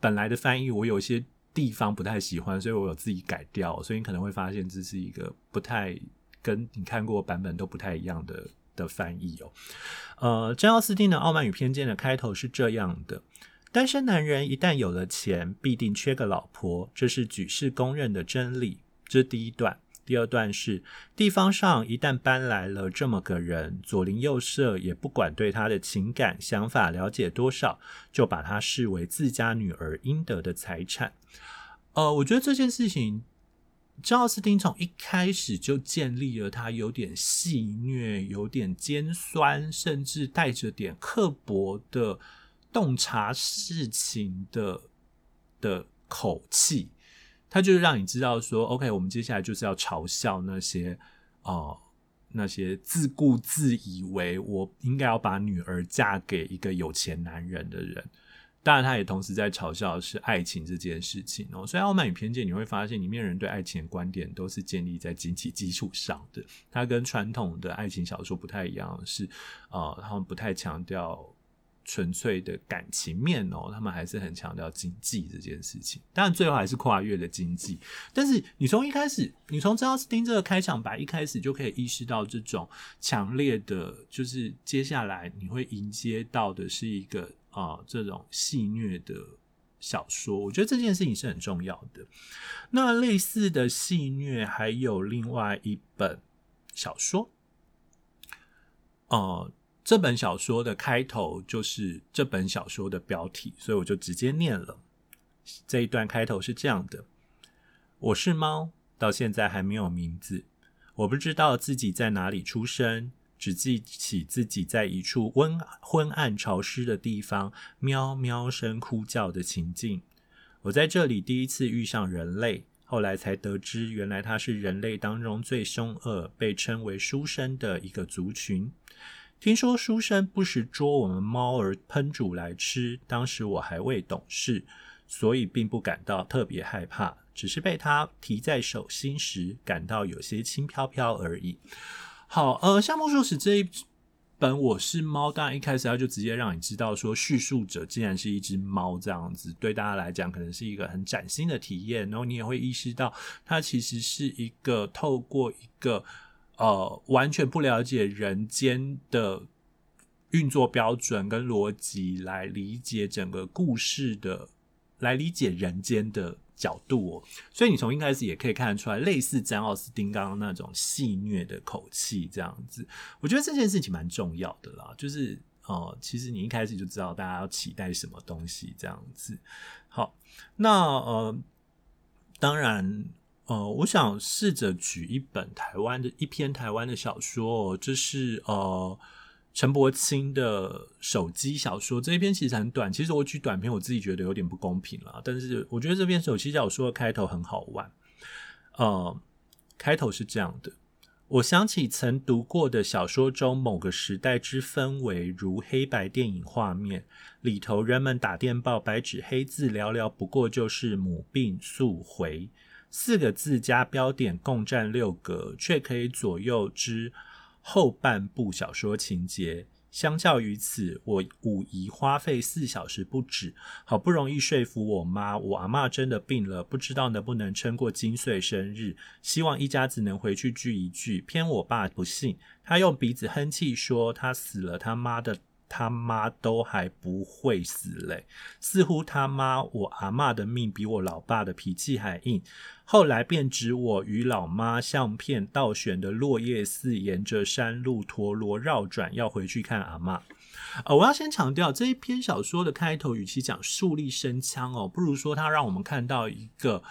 本來的翻譯我有一些地方不太喜歡，所以我有自己改掉，所以你可能會發現這是一個不太跟你看過的版本都不太一樣的的翻譯哦。呃，珍奧斯丁的《傲慢與偏見》的開頭是這樣的。單身男人一旦有了錢，必定缺個老婆，這是舉世公認的真理。這第一段。第二段是地方上一旦搬來了這麼個人，左鄰右舍也不管對他的情感想法了解多少，就把他視為自家女兒應得的財產。呃，我覺得這件事情，奧斯汀從一開始就建立了他有點戲謔、有點尖酸，甚至帶着點刻薄的。洞察事情的的口氣，他就是讓你知道說，OK，我們接下來就是要嘲笑那些哦、呃，那些自顧自以為我應該要把女兒嫁給一個有錢男人的人。當然，他也同時在嘲笑的是愛情這件事情哦、喔。所以，《傲慢與偏見》你會發現，裡面的人對愛情的觀點都是建立在經濟基礎上的。它跟傳統的愛情小說不太一樣，是呃，他們不太強調。純粹的感情面哦，他們還是很強調經濟這件事情。當然，最後還是跨越了經濟。但是，你從一開始，你從奧斯汀這個開場白一開始就可以意識到，這種強烈的，就是接下來你會迎接到的是一個啊、呃，這種戲謔的小說。我覺得這件事情是很重要的。那類似的戲謔還有另外一本小說，呃。這本小說的開頭就是這本小說的標題，所以我就直接念了。這一段開頭是這樣的：我是貓，到現在還沒有名字，我不知道自己在哪裡出生，只記起自己在一處昏暗潮濕的地方喵喵聲哭叫的情境。我在這裡第一次遇上人類，後來才得知，原來它是人類當中最凶惡，被稱為書生的一個族群。聽說書生不時捉我們貓兒烹煮來吃，當時我還未懂事，所以並不感到特別害怕，只是被他提在手心時感到有些輕飄飄而已。好，呃，像夏目漱石這一本，我是貓，當然一開始他就直接讓你知道說敘述者竟然是一隻貓，這樣子對大家來講可能是一個很嶄新的體驗，然後你也會意識到它其實是一個透過一個。呃，完全不了解人間的運作標準跟邏輯來理解整個故事的，來理解人間的角度哦。所以你從一開始也可以看得出來，類似詹奧斯汀剛剛那種戲謔的口氣，這樣子。我覺得這件事情蠻重要的啦，就是呃，其實你一開始就知道大家要期待什麼東西，這樣子。好，那呃，當然。呃，我想試着舉一本台灣的一篇台灣的小說，哦，這是呃陳柏青的手機小說。這一篇其實很短，其實我舉短篇，我自己覺得有點不公平了。但是我覺得這篇手機小說的開頭很好玩。呃，開頭是這樣的：我想起曾讀過的小說中某個時代之氛圍，如黑白電影畫面裡頭，人們打電報，白紙黑字，寥寥不過就是母病速回。四個字加標點共占六格，卻可以左右之後半部小說情節。相較於此，我五姨花費四小時不止，好不容易說服我媽，我阿嬤真的病了，不知道能不能撐過今歲生日，希望一家子能回去聚一聚。偏我爸不信，他用鼻子哼氣說：“他死了他媽的。”他媽都還不會死嘞！似乎他媽我阿媽的命比我老爸的脾氣還硬。後來便指我與老媽相片倒懸的落葉寺，沿着山路陀螺繞轉，要回去看阿媽。呃，我要先強調這一篇小說的開頭，與其講樹立聲腔哦，不如說它讓我們看到一個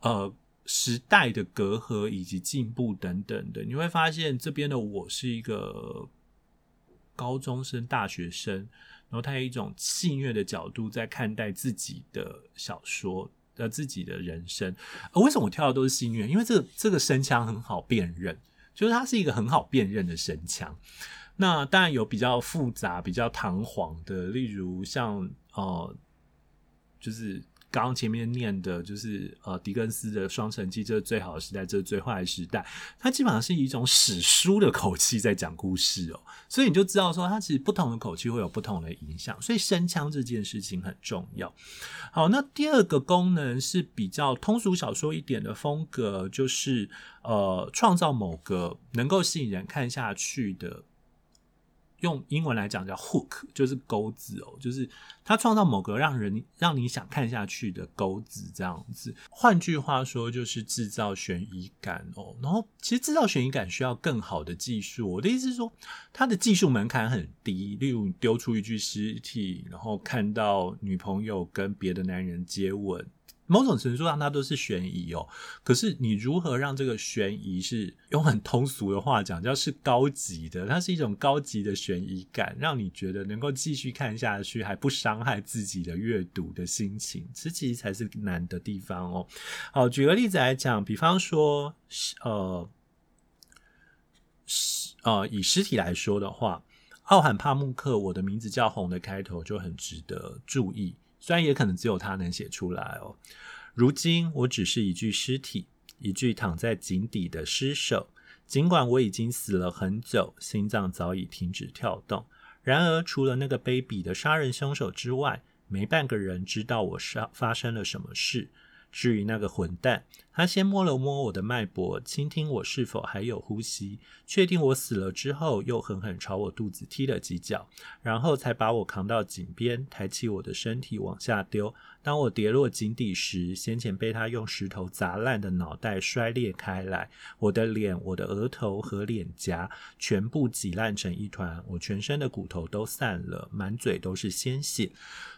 呃時代的隔閡以及進步等等的。你會發現這邊的我是一個。高中生、大學生，然後他有一種戲謔的角度在看待自己的小說，呃，自己的人生。而為什麼我挑的都是戲謔？因為這個這個聲腔很好辨認，就是它是一個很好辨認的聲腔。那當然有比較複雜、比較堂皇的，例如像呃，就是。剛剛前面念的就是呃狄更斯的《雙城記》，這是最好的時代，這是最壞的時代，它基本上是以一種史書的口氣在講故事哦，所以你就知道說它其實不同的口氣會有不同的影響，所以聲腔這件事情很重要。好，那第二個功能是比較通俗小說一點的風格，就是呃創造某個能夠吸引人看下去的。用英文來講叫 hook，就是鈎子哦，就是它創造某個讓人讓你想看下去的鈎子這樣子。換句話說，就是制造懸疑感哦。然後，其實制造懸疑感需要更好的技術。我的意思是說，它的技術門檻很低。例如，你丟出一具屍體，然後看到女朋友跟別的男人接吻。某種程度上，它都是懸疑哦。可是，你如何讓這個懸疑是用很通俗的話講，叫是高級的？它是一種高級的懸疑感，讓你覺得能夠繼續看下去，還不傷害自己的閱讀的心情。這其實才是難的地方哦。好，舉個例子來講，比方說，呃，呃，以實體來說的話，奧罕帕慕克《我的名字叫紅》的開頭就很值得注意。雖然也可能只有他能寫出來哦。如今我只是一具屍體，一具躺在井底的屍首。儘管我已經死了很久，心臟早已停止跳動，然而除了那個卑鄙的殺人兇手之外，沒半個人知道我身上發生了什麼事。至於那個混蛋，他先摸了摸我的脈搏，傾聽我是否還有呼吸，確定我死了之後，又狠狠朝我肚子踢了幾腳，然後才把我扛到井邊，抬起我的身體往下丟。當我跌落井底時，先前被他用石頭砸爛的腦袋摔裂開來，我的臉、我的額頭和臉頰全部擠爛成一團，我全身的骨頭都散了，滿嘴都是鮮血。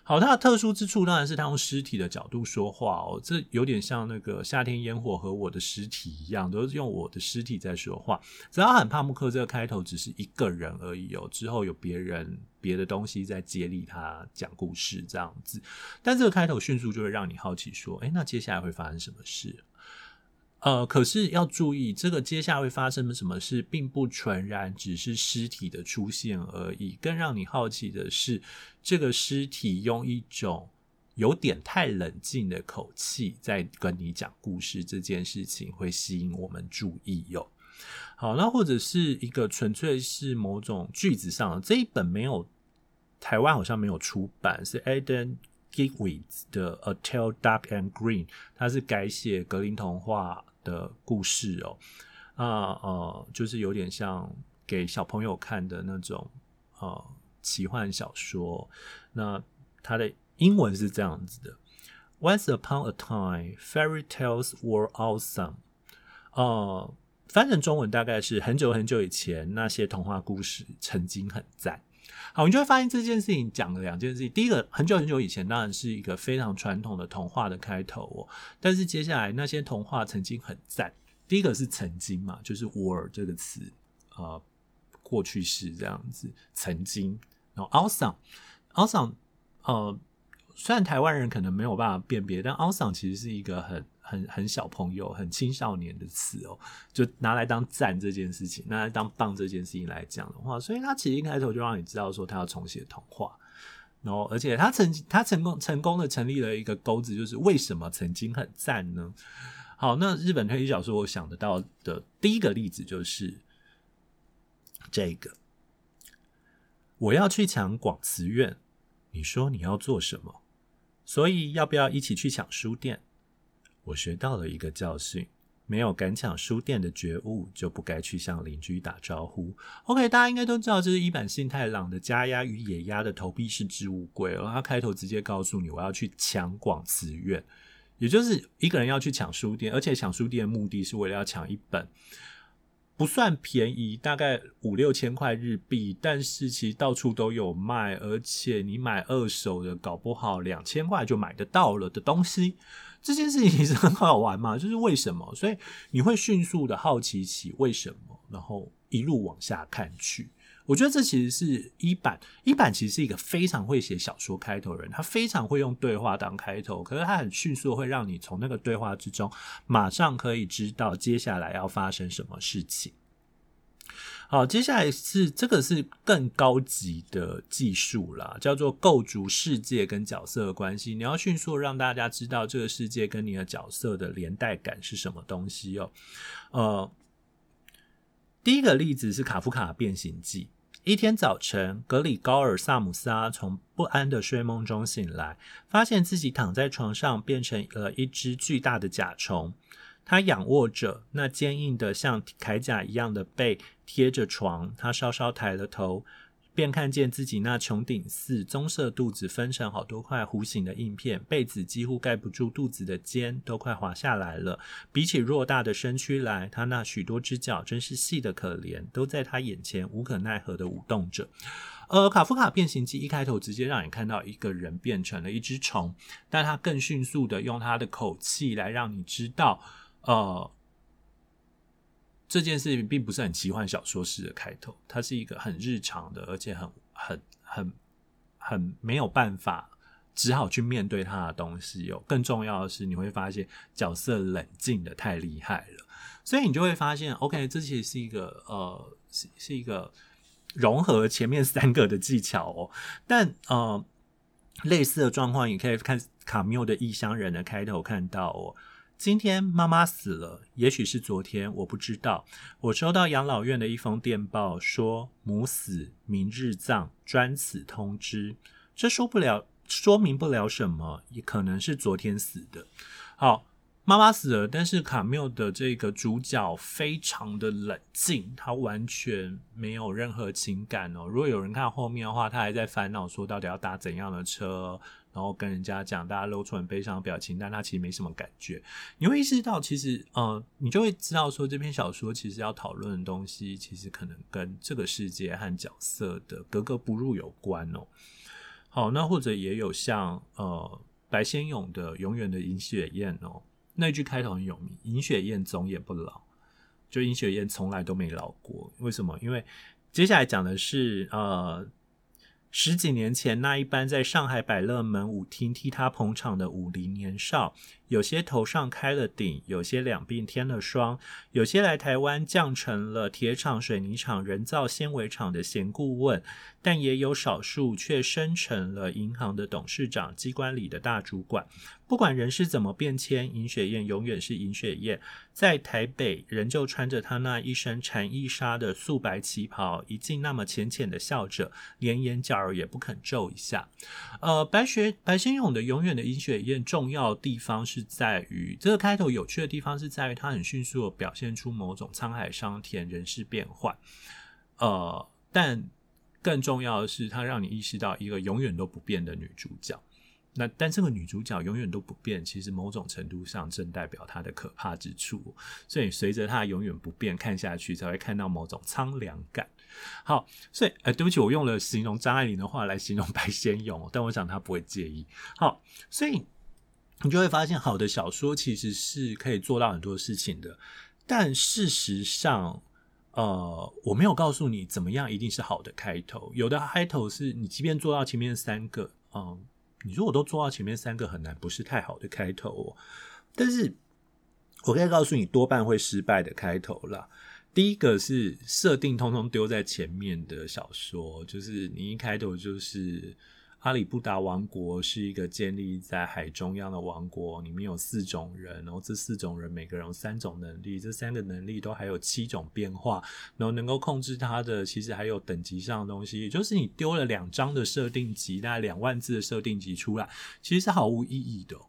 好，他的特殊之處當然是他用屍體的角度說話哦，這有點像那個夏天煙火和我的屍體一樣，都是用我的屍體在說話。只要喊帕慕克這個開頭，只是一個人而已哦，之後有別人。別的東西在接力他講故事這樣子，但這個開頭迅速就會讓你好奇，說：“誒，那接下來會發生什麼事？”呃，可是要注意，這個接下來會發生什麼事，並不全然只是屍體的出現而已。更讓你好奇的是，這個屍體用一種有點太冷靜的口氣在跟你講故事，這件事情會吸引我們注意喲。好，那或者是一個純粹是某種句子上的這一本沒有。台灣好像沒有出版，是 Eden Gigwith 的《A Tale Dark and Green》，它是改寫格林童話的故事哦。啊、呃、哦、呃，就是有點像給小朋友看的那種、呃、奇幻小說。那它的英文是這樣子的：Once upon a time, fairy tales were awesome、呃。啊，翻成中文大概是很久很久以前，那些童話故事曾經很讚。好，你就會發現這件事情講了兩件事情。第一個，很久很久以前，當然是一個非常傳統的童話的開頭哦。但是接下來那些童話曾經很讚。第一個是曾經嘛，就是 “were” 這個詞，呃，過去式這樣子，曾經。然後 “awesome”，“awesome”，呃，雖然台灣人可能沒有辦法辨別，但 “awesome” 其實是一個很。很很小朋友、很青少年的詞哦，就拿來當讚這件事情，拿來當棒這件事情來講的話，所以他其實一開始就讓你知道說他要重寫童話，然後而且他成他成功成功的成立了一個鈎子，就是為什麼曾經很讚呢？好，那日本推理小說我想得到的第一個例子就是這個，我要去搶廣辭苑，你說你要做什麼？所以要不要一起去搶書店？我學到了一個教訓：沒有敢搶書店的覺悟，就不該去向鄰居打招呼。OK，大家應該都知道，這是伊坂幸太郎的《家鴨與野鴨的投幣式置物櫃》，然後他開頭直接告訴你，我要去搶廣辭苑，也就是一個人要去搶書店，而且搶書店的目的是為了要搶一本不算便宜，大概五六千塊日幣，但是其實到處都有賣，而且你買二手的，搞不好兩千塊就買得到了的東西。這件事情其實很好玩嘛，就是為什麼，所以你會迅速的好奇起為什麼，然後一路往下看去。我覺得這其實是一版，一版其實是一個非常會寫小說開頭的人，他非常會用對話當開頭，可是他很迅速的會讓你從那個對話之中，馬上可以知道接下來要發生什麼事情。好，接下來是這個是更高級的技術啦，叫做構築世界跟角色的關係。你要迅速讓大家知道這個世界跟你的角色的連帶感是什麼東西哦。呃，第一個例子是卡夫卡的《變形記》。一天早晨，格里高爾、啊·薩姆薩從不安的睡夢中醒來，發現自己躺在床上變成了一隻巨大的甲蟲。他仰臥着，那堅硬的像鎧甲一樣的背貼着床。他稍稍抬了頭，便看見自己那穹頂似棕色肚子分成好多塊弧形的硬片，被子幾乎蓋不住肚子的尖，都快滑下來了。比起偌大的身軀來，他那許多隻腳真是細得可憐，都在他眼前無可奈何地舞動着。呃，卡夫卡《變形記》一開頭直接讓你看到一個人變成了一隻蟲，但他更迅速地用他的口氣來讓你知道。呃，這件事情並不是很奇幻小說式的開頭，它是一個很日常的，而且很很很很沒有辦法只好去面對它的東西哦。更重要的是，你會發現角色冷靜得太厲害了，所以你就會發現，OK，這其實是一個呃是是一個融合前面三個的技巧哦。但呃類似的狀況，你可以看卡繆的《異鄉人》的開頭看到哦。今天媽媽死了，也許是昨天，我不知道。我收到養老院的一封電報，說母死，明日葬，專此通知。這說不了，說明不了什麼，也可能是昨天死的。好，媽媽死了，但是卡繆的這個主角非常的冷靜，他完全沒有任何情感哦。如果有人看後面的話，他還在煩惱說，到底要搭怎樣的車，哦。然後跟人家講，大家露出很悲傷的表情，但他其實沒什麼感覺。你會意識到，其實，呃，你就會知道說，這篇小說其實要討論的東西，其實可能跟這個世界和角色的格格不入有關哦。好，那或者也有像，呃，白先勇的《永遠的尹雪艷》哦，那一句開頭很有名：“尹雪艷總也不老”，就尹雪艷從來都沒老過。為什麼？因為接下來講的是，呃。十幾年前，那一班在上海百樂門舞廳替他捧場的五陵年少。有些頭上開了頂，有些兩鬢添了霜，有些來台灣降成了鐵廠、水泥廠、人造纖維廠的閒顧問，但也有少數卻升成了銀行的董事長、機關裡的大主管。不管人是怎麼變遷，尹雪艷永遠是尹雪艷。在台北，仍舊穿着她那一身蟬翼紗的素白旗袍，一進那麼淺淺的笑着，連眼角兒也不肯皺一下。呃，白雪，白先勇的永遠的尹雪艷，重要地方是。在於這個開頭有趣的地方是在於它很迅速的表現出某種滄海桑田、人事變幻。呃，但更重要的是，它讓你意識到一個永遠都不變的女主角。那但這個女主角永遠都不變，其實某種程度上正代表她的可怕之處。所以隨着她永遠不變看下去，才會看到某種蒼涼感。好，所以呃，對不起，我用了形容張愛玲的話來形容白先勇，但我想他不會介意。好，所以。你就會發現，好的小說其實是可以做到很多事情的。但事實上，呃，我沒有告訴你怎麼樣一定是好的開頭。有的開頭是你即便做到前面三個，嗯，你如果都做到前面三個，很難不是太好的開頭哦。但是我可以告訴你，多半會失敗的開頭啦。第一個是設定通通丟在前面的小說，就是你一開頭就是。哈里布達王國是一個建立在海中央的王國，裡面有四種人，然後這四種人每個人有三種能力，這三個能力都還有七種變化，然後能夠控制它的其實還有等級上的東西，也就是你丟了兩張的設定集，那兩萬字的設定集出來其實是毫無意義的哦，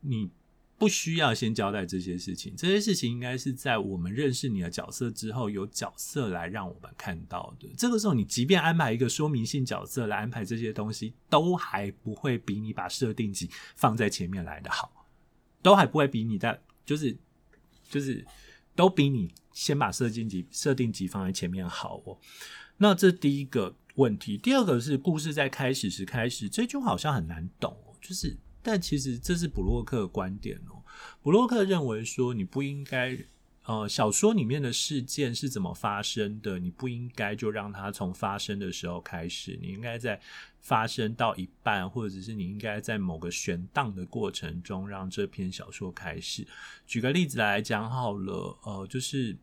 你。不需要先交代這些事情，這些事情應該是在我們認識你的角色之後，有角色來讓我們看到的。這個時候，你即便安排一個說明性角色來安排這些東西，都還不會比你把設定集放在前面來的好，都還不會比你的就是就是都比你先把設定集設定集放在前面好哦。那這第一個問題，第二個是故事在開始時開始，這就好像很難懂哦，就是。但其實這是布洛克的觀點喔。布洛克認為說，你不應該，呃，小說裡面的事件是怎麼發生的，你不應該就讓它從發生的時候開始，你應該在發生到一半，或者是你應該在某個懸宕的過程中，讓這篇小說開始。舉個例子來講好了，呃，就是。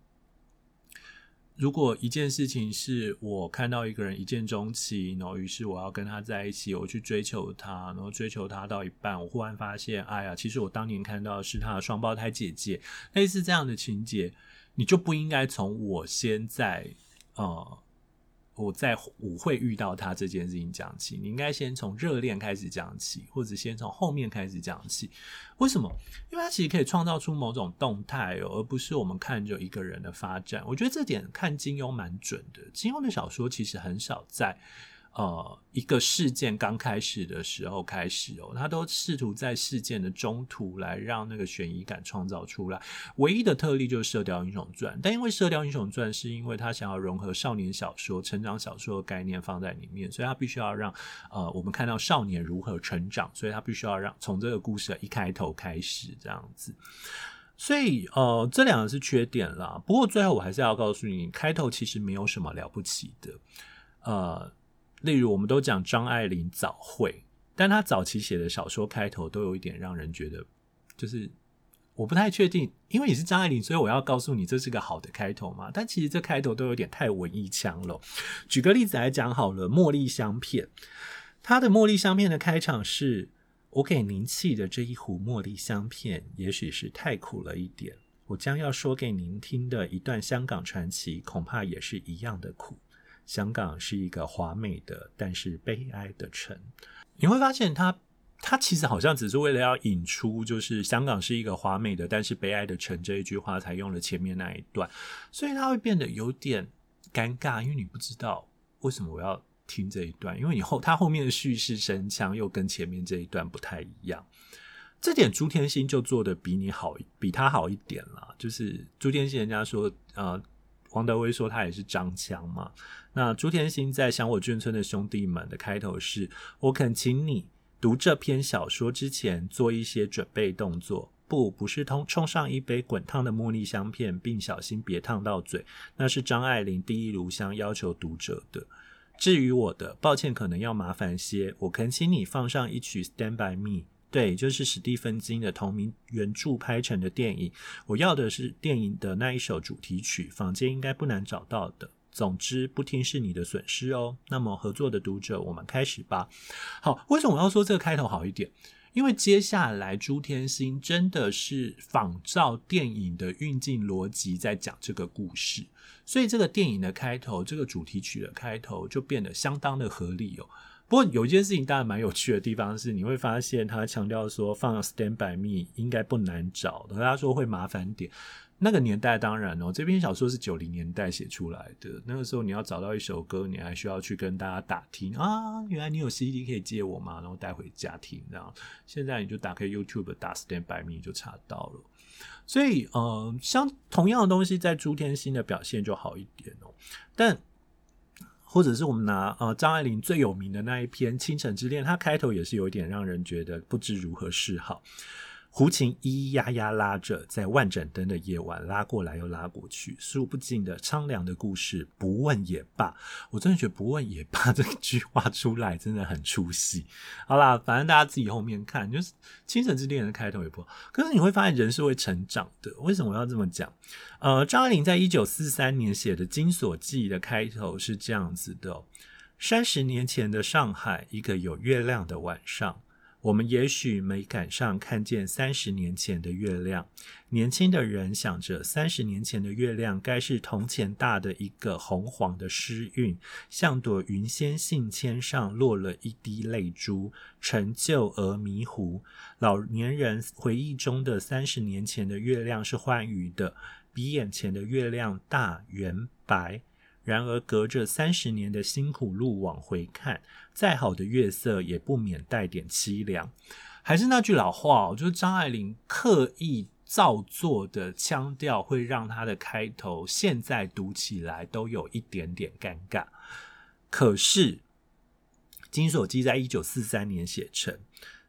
如果一件事情是我看到一個人一見鍾情，然後於是我要跟他在一起，我去追求他，然後追求他到一半，我忽然發現，哎呀，其實我當年看到的是他的雙胞胎姐姐，類似這樣的情節，你就不應該從我現在，呃我在舞會遇到他這件事情講起，你應該先從熱戀開始講起，或者先從後面開始講起。為什麼？因為他其實可以創造出某種動態哦，而不是我們看著一個人的發展。我覺得這點看金庸蠻準的，金庸的小說其實很少在。呃，一個事件剛開始的時候開始哦，他都試圖在事件的中途來讓那個懸疑感創造出來。唯一的特例就是《射雕英雄傳》，但因為《射雕英雄傳》是因為他想要融合少年小說、成長小說的概念放在裡面，所以他必須要讓呃我們看到少年如何成長，所以他必須要讓從這個故事的一開頭開始這樣子。所以呃，這兩個是缺點啦。不過最後我還是要告訴你，開頭其實沒有什麼了不起的，呃。例如，我們都講張愛玲早慧，但她早期寫的小說開頭都有一點讓人覺得，就是我不太確定，因為你是張愛玲，所以我要告訴你這是個好的開頭嘛？但其實這開頭都有點太文藝腔了。舉個例子來講好了，《茉莉香片》，他的《茉莉香片》的開場是：“我給您沏的這一壺茉莉香片，也許是太苦了一點。我將要說給您聽的一段香港傳奇，恐怕也是一樣的苦。”香港是一個華美的，但是悲哀的城。你會發現他，他他其實好像只是為了要引出，就是香港是一個華美的，但是悲哀的城這一句話，才用了前面那一段。所以他會變得有點尷尬，因為你不知道為什麼我要聽這一段，因為你後他後面的敘事聲腔又跟前面這一段不太一樣。這點朱天心就做的比你好，比他好一點了。就是朱天心，人家說啊。呃王德威說他也是張腔嘛。那朱天心在《想我眷村的兄弟們》的開頭是：我懇請你讀這篇小說之前做一些準備動作，不，不是通沖上一杯滾燙的茉莉香片，並小心別燙到嘴。那是張愛玲第一爐香要求讀者的。至於我的，抱歉，可能要麻煩些，我懇請你放上一曲《Stand By Me》。對，就是史蒂芬金的同名原著拍成的電影。我要的是電影的那一首主題曲，坊間應該不難找到的。總之，不聽是你的損失哦。那麼，合作的讀者，我們開始吧。好，為什麼我要說這個開頭好一點？因為接下來朱天心真的是仿照電影的運鏡邏輯在講這個故事，所以這個電影的開頭，這個主題曲的開頭就變得相當的合理哦。不過有一件事情，大概蠻有趣的地方是，你會發現他強調說放《Stand By Me》應該不難找，大家說會麻煩點。那個年代當然哦，這篇小說是九零年代寫出來的，那個時候你要找到一首歌，你還需要去跟大家打聽啊，原來你有 CD 可以借我嗎？然後帶回家聽這樣。然後現在你就打開 YouTube 打《Stand By Me》就查到了。所以，呃，像同樣的東西，在朱天心的表現就好一點哦，但。或者是我們拿呃張愛玲最有名的那一篇《傾城之戀》，它開頭也是有點讓人覺得不知如何是好。胡琴咿咿呀呀拉着，在萬盞燈的夜晚拉過來又拉過去，數不盡的蒼涼的故事，不問也罷。我真的覺得不問也罷這句話出來真的很出戲。好啦，反正大家自己後面看。就是《傾城之戀》的開頭也不好，可是你會發現人是會成長的。為什麼我要這麼講？呃，張愛玲在一九四三年寫的《金鎖記》的開頭是這樣子的哦：三十年前的上海，一個有月亮的晚上。我們也許沒趕上看見三十年前的月亮。年輕的人想着三十年前的月亮該是銅錢大的一個紅黃的濕暈，像朵雲軒信箋上落了一滴淚珠，陳舊而迷糊。老年人回憶中的三十年前的月亮是歡愉的，比眼前的月亮大、圓、白。然而，隔着三十年的辛苦路往回看，再好的月色也不免帶點淒涼。還是那句老話哦，就是張愛玲刻意造作的腔調，會讓她的開頭現在讀起來都有一點點尷尬。可是，《金鎖記》在一九四三年寫成，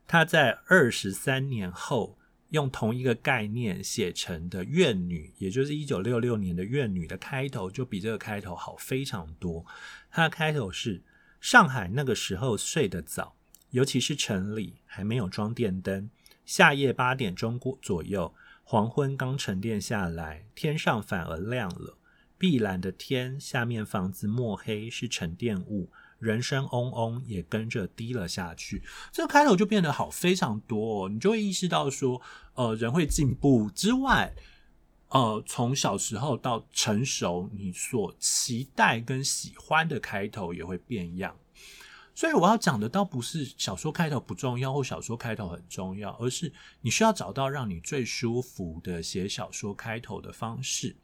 她在二十三年後，用同一個概念寫成的《怨女》，也就是一九六六年的《怨女》的開頭，就比這個開頭好非常多。它的開頭是：上海那個時候睡得早，尤其是城裡還沒有裝電燈，夏夜八點鐘過左右，黃昏剛沉澱下來，天上反而亮了，碧藍的天下面房子墨黑，是沉澱物。人聲嗡嗡也跟着低了下去，這個開頭就變得好非常多，哦，你就會意識到說，呃，人會進步之外，呃，從小時候到成熟，你所期待跟喜歡的開頭也會變樣。所以我要講的倒不是小說開頭不重要或小說開頭很重要，而是你需要找到讓你最舒服的寫小說開頭的方式，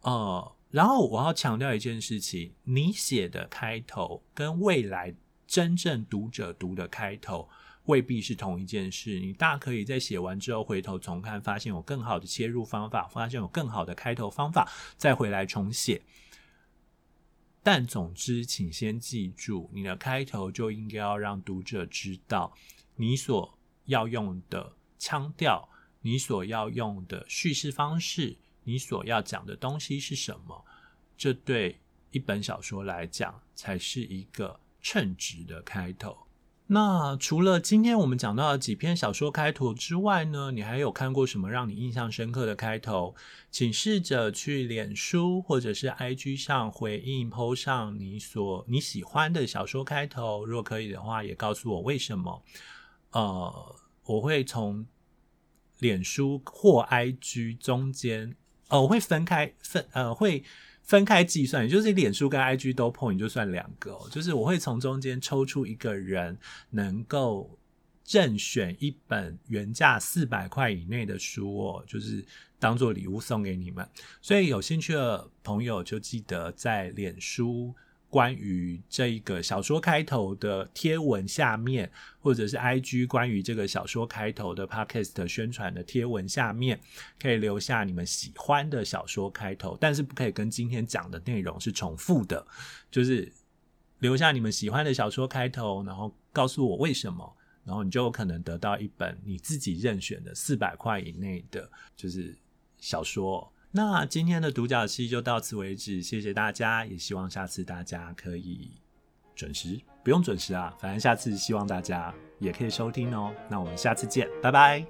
呃。然後我要強調一件事情，你寫的開頭跟未來真正讀者讀的開頭未必是同一件事。你大可以在寫完之後回頭重看，發現有更好的切入方法，發現有更好的開頭方法，再回來重寫。但總之，請先記住，你的開頭就應該要讓讀者知道你所要用的腔調，你所要用的敘事方式。你所要講的東西是什麼？這對一本小說來講才是一個稱職的開頭。那除了今天我們講到的幾篇小說開頭之外呢？你還有看過什麼讓你印象深刻的開頭？請試着去臉書或者是 IG 上回應、po 上你所你喜歡的小說開頭。如果可以的話，也告訴我為什麼。呃，我會從臉書或 IG 中間。哦，我會分開分，呃，會分開計算，也就是臉書跟 IG 都破，你就算兩個哦，就是我會從中間抽出一個人，能夠任選一本原價四百塊以內的書哦，就是當做禮物送給你們。所以有興趣的朋友就記得在臉書，關於這個小說開頭的貼文下面，或者是 IG 關於這個小說開頭的 Podcast 宣傳的貼文下面，可以留下你們喜歡的小說開頭，但是不可以跟今天講的內容是重複的。就是留下你們喜歡的小說開頭，然後告訴我為什麼，然後你就有可能得到一本你自己任選的四百塊以內的就是小說。那今天的讀角戲就到此為止，謝謝大家，也希望下次大家可以準時，不用準時啊，反正下次希望大家也可以收聽哦。那我們下次見，拜拜。